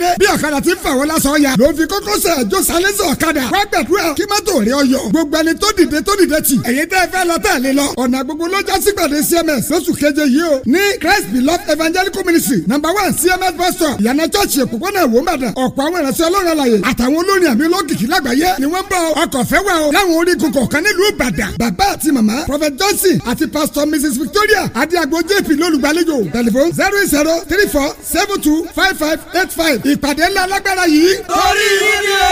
fi kókó sẹ̀ jó sálẹ́sẹ̀ ọ̀kadà gbàdúrà wá gbàdúrà kí mọ́tò rẹ ọyọ gbogbo ẹni tó dìde tó dìde tì èyí tẹ́ ẹ fẹ́ lọ tẹ̀lé lọ ọ̀nà gbogbo ló já cms lóṣù keje yìí o ní christ beloved evangelical ministry number one cms Pastor. stop ìyànà church èkókó náà wò ń bàdàn ọ̀pọ̀ àwọn ìránṣẹ́ ọlọ́run àlàyé àtàwọn olórin àmì olókìkí lágbàáyé ni wọ́n bọ̀ ọkọ̀ fẹ́ wà o láwọn orígun kọ̀ọ̀kan nílùú ìbàdàn bàbá àti màmá prophet johnson àti pastor mrs victoria adiago jp lólùgbàlejò telephone zero zero three four seven two five five eight five ìpàdé ńlá alágbára yìí. torí yìí ni o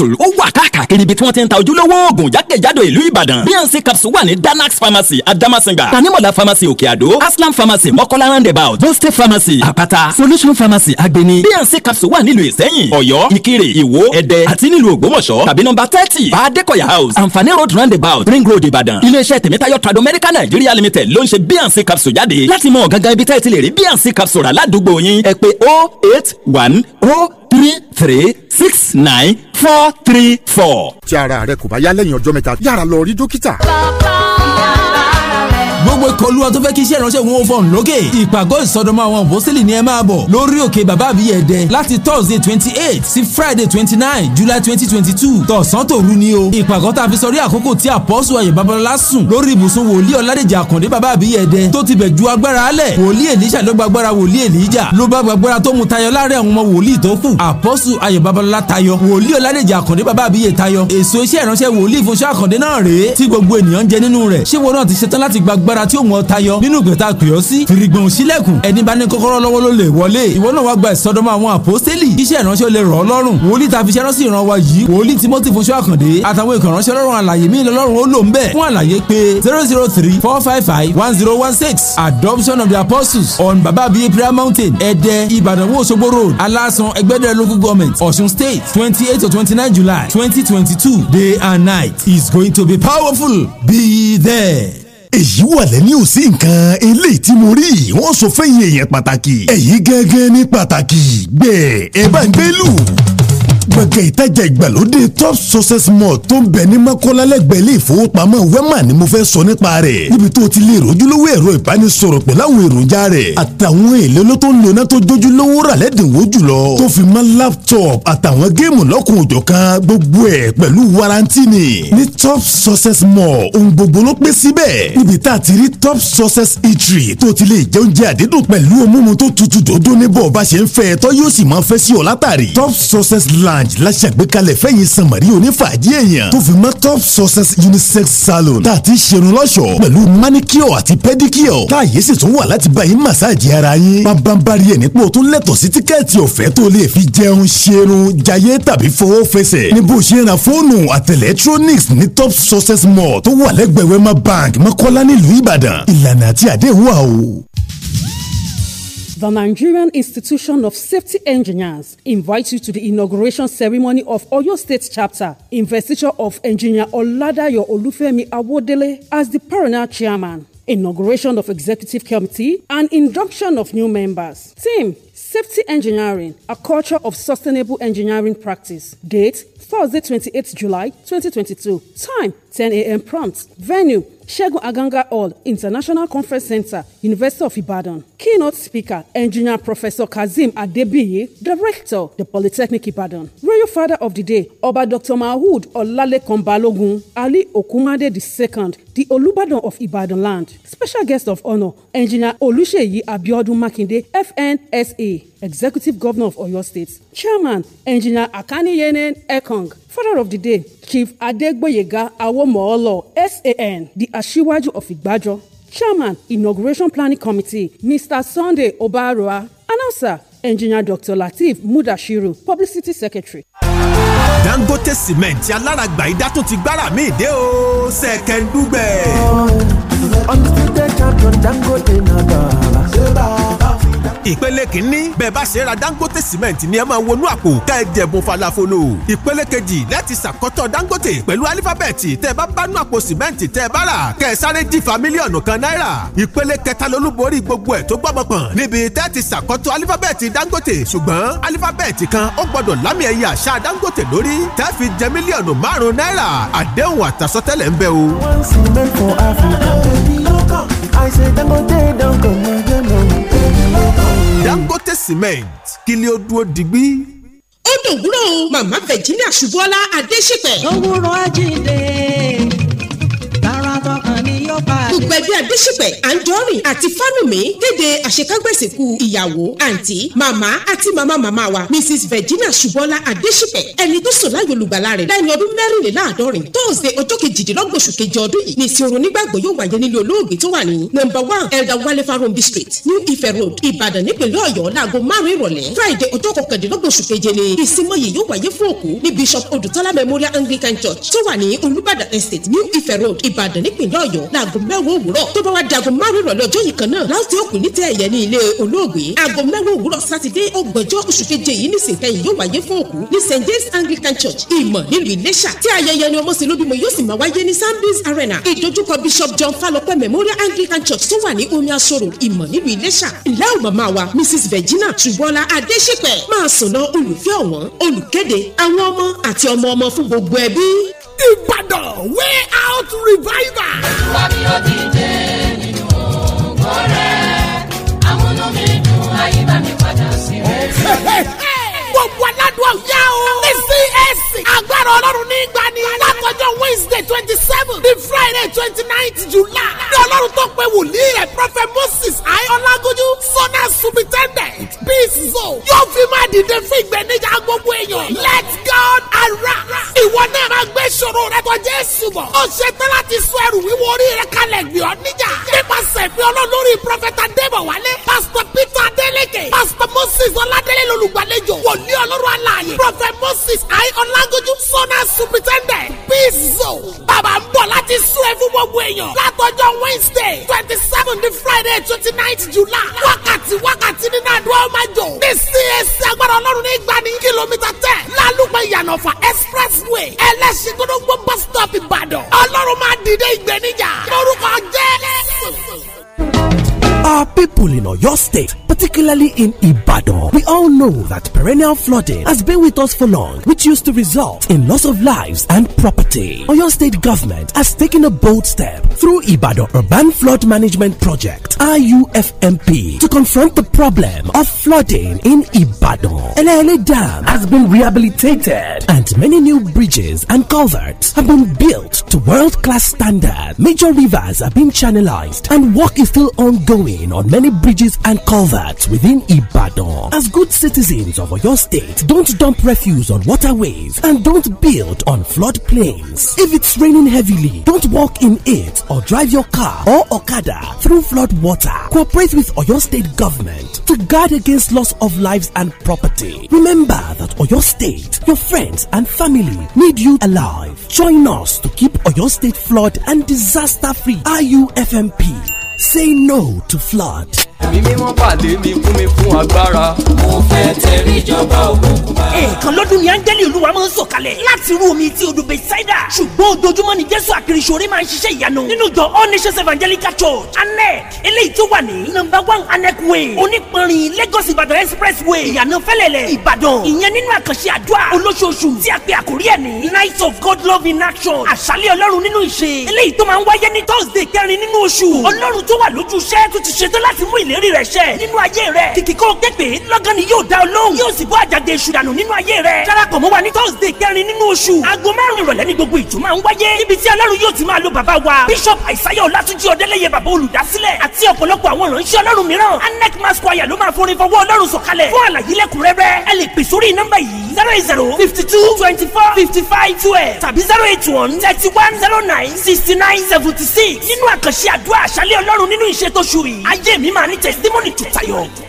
capsule ó wà káàkiri ibi tí wọ́n ti ń ta ojúlówó oògùn jákèjádò ìlú ìbàdàn bnc capsule wà ní danax pharmacy adamasinga tanimola pharmacy òkè àdó aslam pharmacy mọ́kọ́lá roundabout boste pharmacy àpáta solution pharmacy agbeni bnc capsule wà nílùú ìsẹ́yìn ọ̀yọ́ ìkirè ìwó ẹ̀dẹ́ àti nílùú ògbómọ̀ṣọ́ tàbí nọ́mbà thirty adekoya house anfani road roundabout ring road ìbàdàn iléeṣẹ́ tèmítáyọ̀ tradomedica nigeria limited ló ń ṣe bnc capsule jáde láti mọ gangan ibi tẹ́ẹ̀ ti lè rí bnc capsule aládùúgbò yín ẹ pé 081 0 three three six nine four three four. tí ara rẹ kò bá yá lẹ́yìn ọjọ́ mẹ́ta yára lọ rí dókítà. bàbá ìyá gbogbo ìkọlù ọtún fẹ́ kí iṣẹ́ ìránṣẹ́ wọn fọ̀n lókè ìpàgọ́ ìsọdọmọ àwọn àpọ́sítélì ni ẹ máa bọ̀ lórí òkè bàbá àbíyẹ dẹ láti thursday twenty eight sí friday twenty nine july twenty twenty two tọ̀sán tòru ni o ìpàgọ́ tá a fi sọrí àkókò tí àpọ́sù ayọ̀ babalọ́lá sùn lórí ibùsùn wòlíì ọ̀ládèjì àkàndé bàbá àbíyẹ dẹ tó ti bẹ̀ ju agbára alẹ̀ wòlíì èlíṣà ló gba agbára wòlíì èlíjà ló bá gba agbára tó mu tayọ láàrin àwọn ọmọ wòlíì tó kù àpọ́sù ayọ̀ babalọ́lá tayọ wòlíì ọ̀ládèjì àkàndé bàbá àbíyẹ tayọ èso iṣẹ́ ìránṣẹ́ wòlíì fúnṣẹ́ àkàndé náà rèé tí gbogbo ènìyàn ń jẹ nínú rẹ̀ ṣé wọn náà ti ṣetán láti gbàgb agbára tí ó mú ọ nínú ìgbẹ́ta pè sí fìrìgbọ̀n òsílẹ̀kùn ẹni bá ní kọ́kọ́rọ́ lọ́wọ́ ló lè wọlé ìwọ náà wá gba ìsọdọ̀mọ́ àwọn àpọ́sítélì iṣẹ́ ìránṣẹ́ ó rọ̀ ọ́ lọ́rùn wòlíì ta fi ṣẹ́ránṣẹ́ ìran wa yìí wòlíì Timothy Fúnṣọ́ Àkàndé àtàwọn ìkàn ránṣẹ́ lọ́rùn àlàyé mi lọ́rùn ó lò ń bẹ̀ fún àlàyé pé zero zero three four five five one zero one six adoption of the apostles on baba abiy prayer mountain ẹ̀dẹ́ ìbàdàn wo òṣogbo road alásan ẹgbẹ́dẹ̀ local government ọ̀ṣun state twenty eight to twenty nine july twenty twenty two day and night is going to be powerful be there èyí wà lẹ́ni ò sí nǹkan eléyìí tí mo rí wọ́n sọ fẹ́yìn èèyàn pàtàkì èyí gẹ́gẹ́ ní pàtàkì gbẹ̀ẹ́ ẹ bá ń gbé lù gbọ̀ngàn ìtajà ìgbàlódé top success mall tó ń bẹ ní mọ́kọ́lá lẹ́gbẹ̀ẹ́ ilé ìfowópamọ́ wema ni mo fẹ́ sọ nípa rẹ̀ níbi tó ti lè rojúlówó ẹ̀rọ ìbánisọ̀rọ̀ pẹ̀lú àwọn èròjà rẹ̀ àtàwọn èlé ló tó ń lona tó jójú lówó rà lẹ́dínwó jùlọ tó fi mọ́ laptop àtàwọn géèmù lọ́kùn òjọ̀ kan gbogbo ẹ̀ pẹ̀lú warranty ni ní top success mall ohun gbogbo ló pé síbẹ̀ níbi tá a ti rí top success eatery tó ti lè jẹ oúnjẹ àdídùn pẹ̀lú òmùmù tó tutù dòdó níbọ̀ bá ṣe ń fẹ́ tọ́ yóò sì máa fẹ́ sí ọ látàrí top success line lounge la ṣàgbékalẹ̀ fẹ́yìn sanmari onífàájì èèyàn tó fi mọ́ top success unisex salon tá a ti ṣerun lọ́ṣọ̀ọ́ pẹ̀lú manicure àti pedicure táàyè sì tún wà láti bá yín massage ara yín pàbàmbarì ẹ̀ nípò tó lẹ́tọ̀ọ́ sí tíkẹ́ẹ̀tì ọ̀fẹ́ tó lè fi jẹun ṣerun jayé tàbí fowó fẹsẹ̀ ní bó ṣe ra fóònù àti electronics ní top success mall tó wà lẹ́gbẹ̀ẹ́ wema bank mọ́kọ́lá nílùú ìbàdàn ìlànà àti àdéhùn àwò. The Nigerian Institution of Safety Engineers invites you to the inauguration ceremony of Oyo State Chapter, investiture of Engineer Oladayo Olufemi Awodele as the perennial chairman, inauguration of executive committee, and induction of new members. Team Safety Engineering, a culture of sustainable engineering practice. Date Thursday, 28th July 2022. Time 10 a.m. prompt. Venue Shegun Aganga Hall, International Conference Center, University of Ibadan. Keynote speaker, Engineer Professor Kazim Adebiyi, Director, the Polytechnic Ibadan. Royal Father of the Day, Oba Dr. Mahmood Olalekan Balogun Ali Okumade II, the Olubadan of Ibadan land. Special guest of honor, Engineer Oluseyi Abiodun Makinde, FNSA, Executive Governor of Oyo State. Chairman, Engineer Akani Yenen Ekong. Father of the Day, Chief Adegboyega Awomoolo, SAN, the Ashiwaju of Igbajo. Chairman, Inauguration Planning Committee, Mr. Sunday Obaroa. Announcer, Engineer Dr. Latif Mudashiru, Publicity Secretary. Dangote cement aláràgbà idá tún ti gbára mi dé o ṣẹ̀kẹ̀ndúgbẹ̀. ọ̀hún oh, ọ̀hún ti tẹ̀ champion Dangote náà bàbá. ṣé bàbá ìpele kìíní bẹ́ẹ̀ bá ṣe ra dangote cement ni ẹ máa wọnú àpò ká ẹ falafolo ìpele kejì láti ṣàkọ́tọ̀ dangote pẹ̀lú alifábẹ́ẹ̀tì tẹ́ bá bánú àpò cement tẹ́ bá rà kẹ́ sáré jìfà mílíọ̀nù kan náírà ìpele kẹta lolúborí gbogbo ẹ̀ tó gbọ́mọpọ̀n níbi tẹ́ ti ṣàkọ́tọ̀ alifábẹ́ẹ̀tì dangote ṣùgbọ́n alifábẹ́ẹ̀tì kan ó gbọ́dọ̀ lámì ẹ̀yẹ àṣà dangote lórí tẹ́ fi jẹ mílíọ̀nù márùn náírà àdéhùn àtàsọtẹ́lẹ̀ one cement for Africa. I say Dangote don't go. Dangote cement kí ni ó dúró digbí. ó dòwúrọ̀ Mama Virginia Ṣubọ́lá Adéṣípẹ̀. owó rọ̀ ajínigbé. Gbẹ̀gbẹ́ Adéṣìpẹ̀, Anjọ́rìn àti Fánùmí kéde àṣekágbèsìkú ìyàwó, àǹtí, màmá àti màmá màmá wa Mrs. Virginia Ṣubọ́lá Adéṣìpẹ̀ ẹni tó sùn láyò olùgbàlà rẹ̀ láyìn ọdún mẹ́rìnléláàádọ́rin tóòsì ọjọ́ kejìdínlọ́gbọ̀n oṣù kejì ọdún yìí ní ìsìn òrùn nígbàgbọ́ yóò wáyé nílé olóògbé tó wà ní number one Elder Wale Farombi Street New Ife Road Ìbàdàn nípínlẹ̀ Ọ̀yọ́ láago márùn-ún ìrọ̀lẹ́ Friday ọjọ́ kọkàndínlọ́gbọ̀n oṣù keje ni ìsinmi yìí yóò wáyé fún òkú ní Bishop Odutola Memorial Anglican Church tó wà ní Estate New Ife Road Ìbàdàn nípínlẹ̀ Ọ̀yọ́ aago mẹ́wàá òwúrọ̀ tó bá wá di aago márùn ìrọ̀lẹ́ ọjọ́ yìí kan náà láti òkú ní tẹ́ ẹ̀yẹ ní ilé olóògbé aago mẹ́wàá òwúrọ̀ sátidé ọgbọ̀njọ́ oṣù keje yìí nísìnkẹyìn yóò wáyé fún òkú ní st james anglican church ìmọ̀ nílùú iléṣà tí ayẹyẹ ni ọmọ sìlóbìmọ̀ yóò sì máa wáyé ní sandys arena ìdojúkọ bishop john falọpẹ memorial anglican church tó wà ní omi asoro ìmọ̀ nílùú iléṣà ìlà ò màmá wa mrs virginia ṣùgbọ́nlá adéṣípẹ̀ máa sùn lọ olùfẹ́ ọ̀wọ́n olùkéde àwọn ọmọ àti ọmọ ọmọ fún gbogbo ẹbí. Ìbàdàn way out revival. Wámi ó díje nínú ògo rẹ̀, dùn, ayé bá mi padà sí rẹ̀. Gbogbo aládùn ọ̀yá o. Ní agbára Ọlọ́run ní ìgbà ni. Wednesday twenty seven ní Friday twenty nine July. Ní Ọlọ́run tó pe wòlíì rẹ̀ Prọfẹ̀ Moses Ayọ́lágójú Sọ́nà Subitendent Peace Zone. Yóò fi máa dìde fún ìgbẹ́nijà gbogbo èèyàn. Let's go rà. ìwọ náà máa gbé ìṣòro rẹ tó Jésù bọ̀. ó ṣe tán láti sọ ẹrù wíwo orí rẹ kalẹ̀ gbé ọ níjà. nípasẹ̀ ìpín ọlọ́lórí pírọfẹ́tà débọ̀ wálé. pásítọ̀ Peter Adeleke. pásítọ̀ Moses Ọládélé lolùgbàlejò. wòlíì ọlọ́run alààyè. prọfẹ̀ Moses ayé ọlágójú sọ́nà supitẹ́ndẹ̀. Lizzo bàbá ń bọ̀ láti sún ẹ fún gbogbo èèyàn látọjọ́ Wednesday twenty seven di Friday twenty nine July wákàtí wákàtí nínú àdúrà ọmọjọ ní CAC agbára ọlọ́run ní ìgbani kìlómítà tẹ̀ lálùpẹ̀ ìyànàfà expressway ẹlẹ́sìn gbọdọ̀gbọ bus stop Ìbàdàn ọlọ́run máa dìde ìgbẹ́nijà lórúkọ Jésù. Our people in your State, particularly in Ibadan, we all know that perennial flooding has been with us for long, which used to result in loss of lives and property. Oyo State government has taken a bold step through Ibadan Urban Flood Management Project (IUFMP) to confront the problem of flooding in Ibadan. Elele Dam has been rehabilitated, and many new bridges and culverts have been built to world-class standard. Major rivers have been channelized, and work is still ongoing on many bridges and culverts within Ibadan. As good citizens of your state, don't dump refuse on waterways and don't build on floodplains. If it's raining heavily, don't walk in it or drive your car or Okada through flood water. Cooperate with Oyo State government to guard against loss of lives and property. Remember that Oyo State, your friends and family need you alive. Join us to keep Oyo State flood and disaster free. IUFMP Say no to flood. ẹ̀mí mímọ́ pàdé mi kún mi fún agbára. mo fẹ́ tẹ̀rí ìjọba òkùnkùn bá. ẹ̀ẹ̀kan lọ́dún ni áńgẹ́lì olúwa máa ń sọ̀kalẹ̀ láti rú omi tí odò bẹ́sáídà ṣùgbọ́n ojoojúmọ́ ni jésù àkìrìṣòrí máa ń ṣiṣẹ́ ìyanu nínú jọ all nations evangelical church anec eléyìí tó wà ní nọ́mbà one anec way onípanrin lagos ìbàdàn expressway ìyànà fẹ́lẹ̀lẹ̀ ìbàdàn ìyẹn nínú àkànṣe àdúrà olóṣooṣù tí a pè àkórí ẹ̀ ní night of god love in action àṣálẹ̀ ọlọ́run nínú ìṣe eléyìí tó máa ń wáyé ní thursday kẹrin nínú oṣù ọlọ́run tó wà lójú iṣẹ́ tó ti ṣetán láti mú ìl ìlérí rẹ̀ ṣẹ nínú ayé rẹ̀ kìkì kó o képe lọ́gán ni yóò dá ọ lóhùn yóò sì bọ́ àjàgé èṣù dànù nínú ayé rẹ̀ darapọ̀ mọ́ wa ní thursday kẹrin nínú oṣù aago márùn ìrọ̀lẹ́ ní gbogbo ìjọ máa ń wáyé níbi tí ọlọ́run yóò ti máa lo bàbá wa bishop àìsáyọ̀ ọlátúnjí ọdẹ́lẹ́yẹ bàbá olùdásílẹ̀ àti ọ̀pọ̀lọpọ̀ àwọn ìránṣẹ́ ọlọ́run mìíràn anec mass choir ló máa forin fọwọ́ ọlọ́run sọ̀kalẹ̀ fún àlàyé lẹ́kùnrẹ́rẹ́ ẹ lè pè sórí nọ́mbà zero zero fifty two twenty four fifty five twelve tàbí zero eight one thirty one zero nine sixty nine seventy six nínú àkànṣe àdúrà àṣálẹ́ ọlọ́run nínú ìṣètò ṣùrì ayé mi máa testimony to tayọ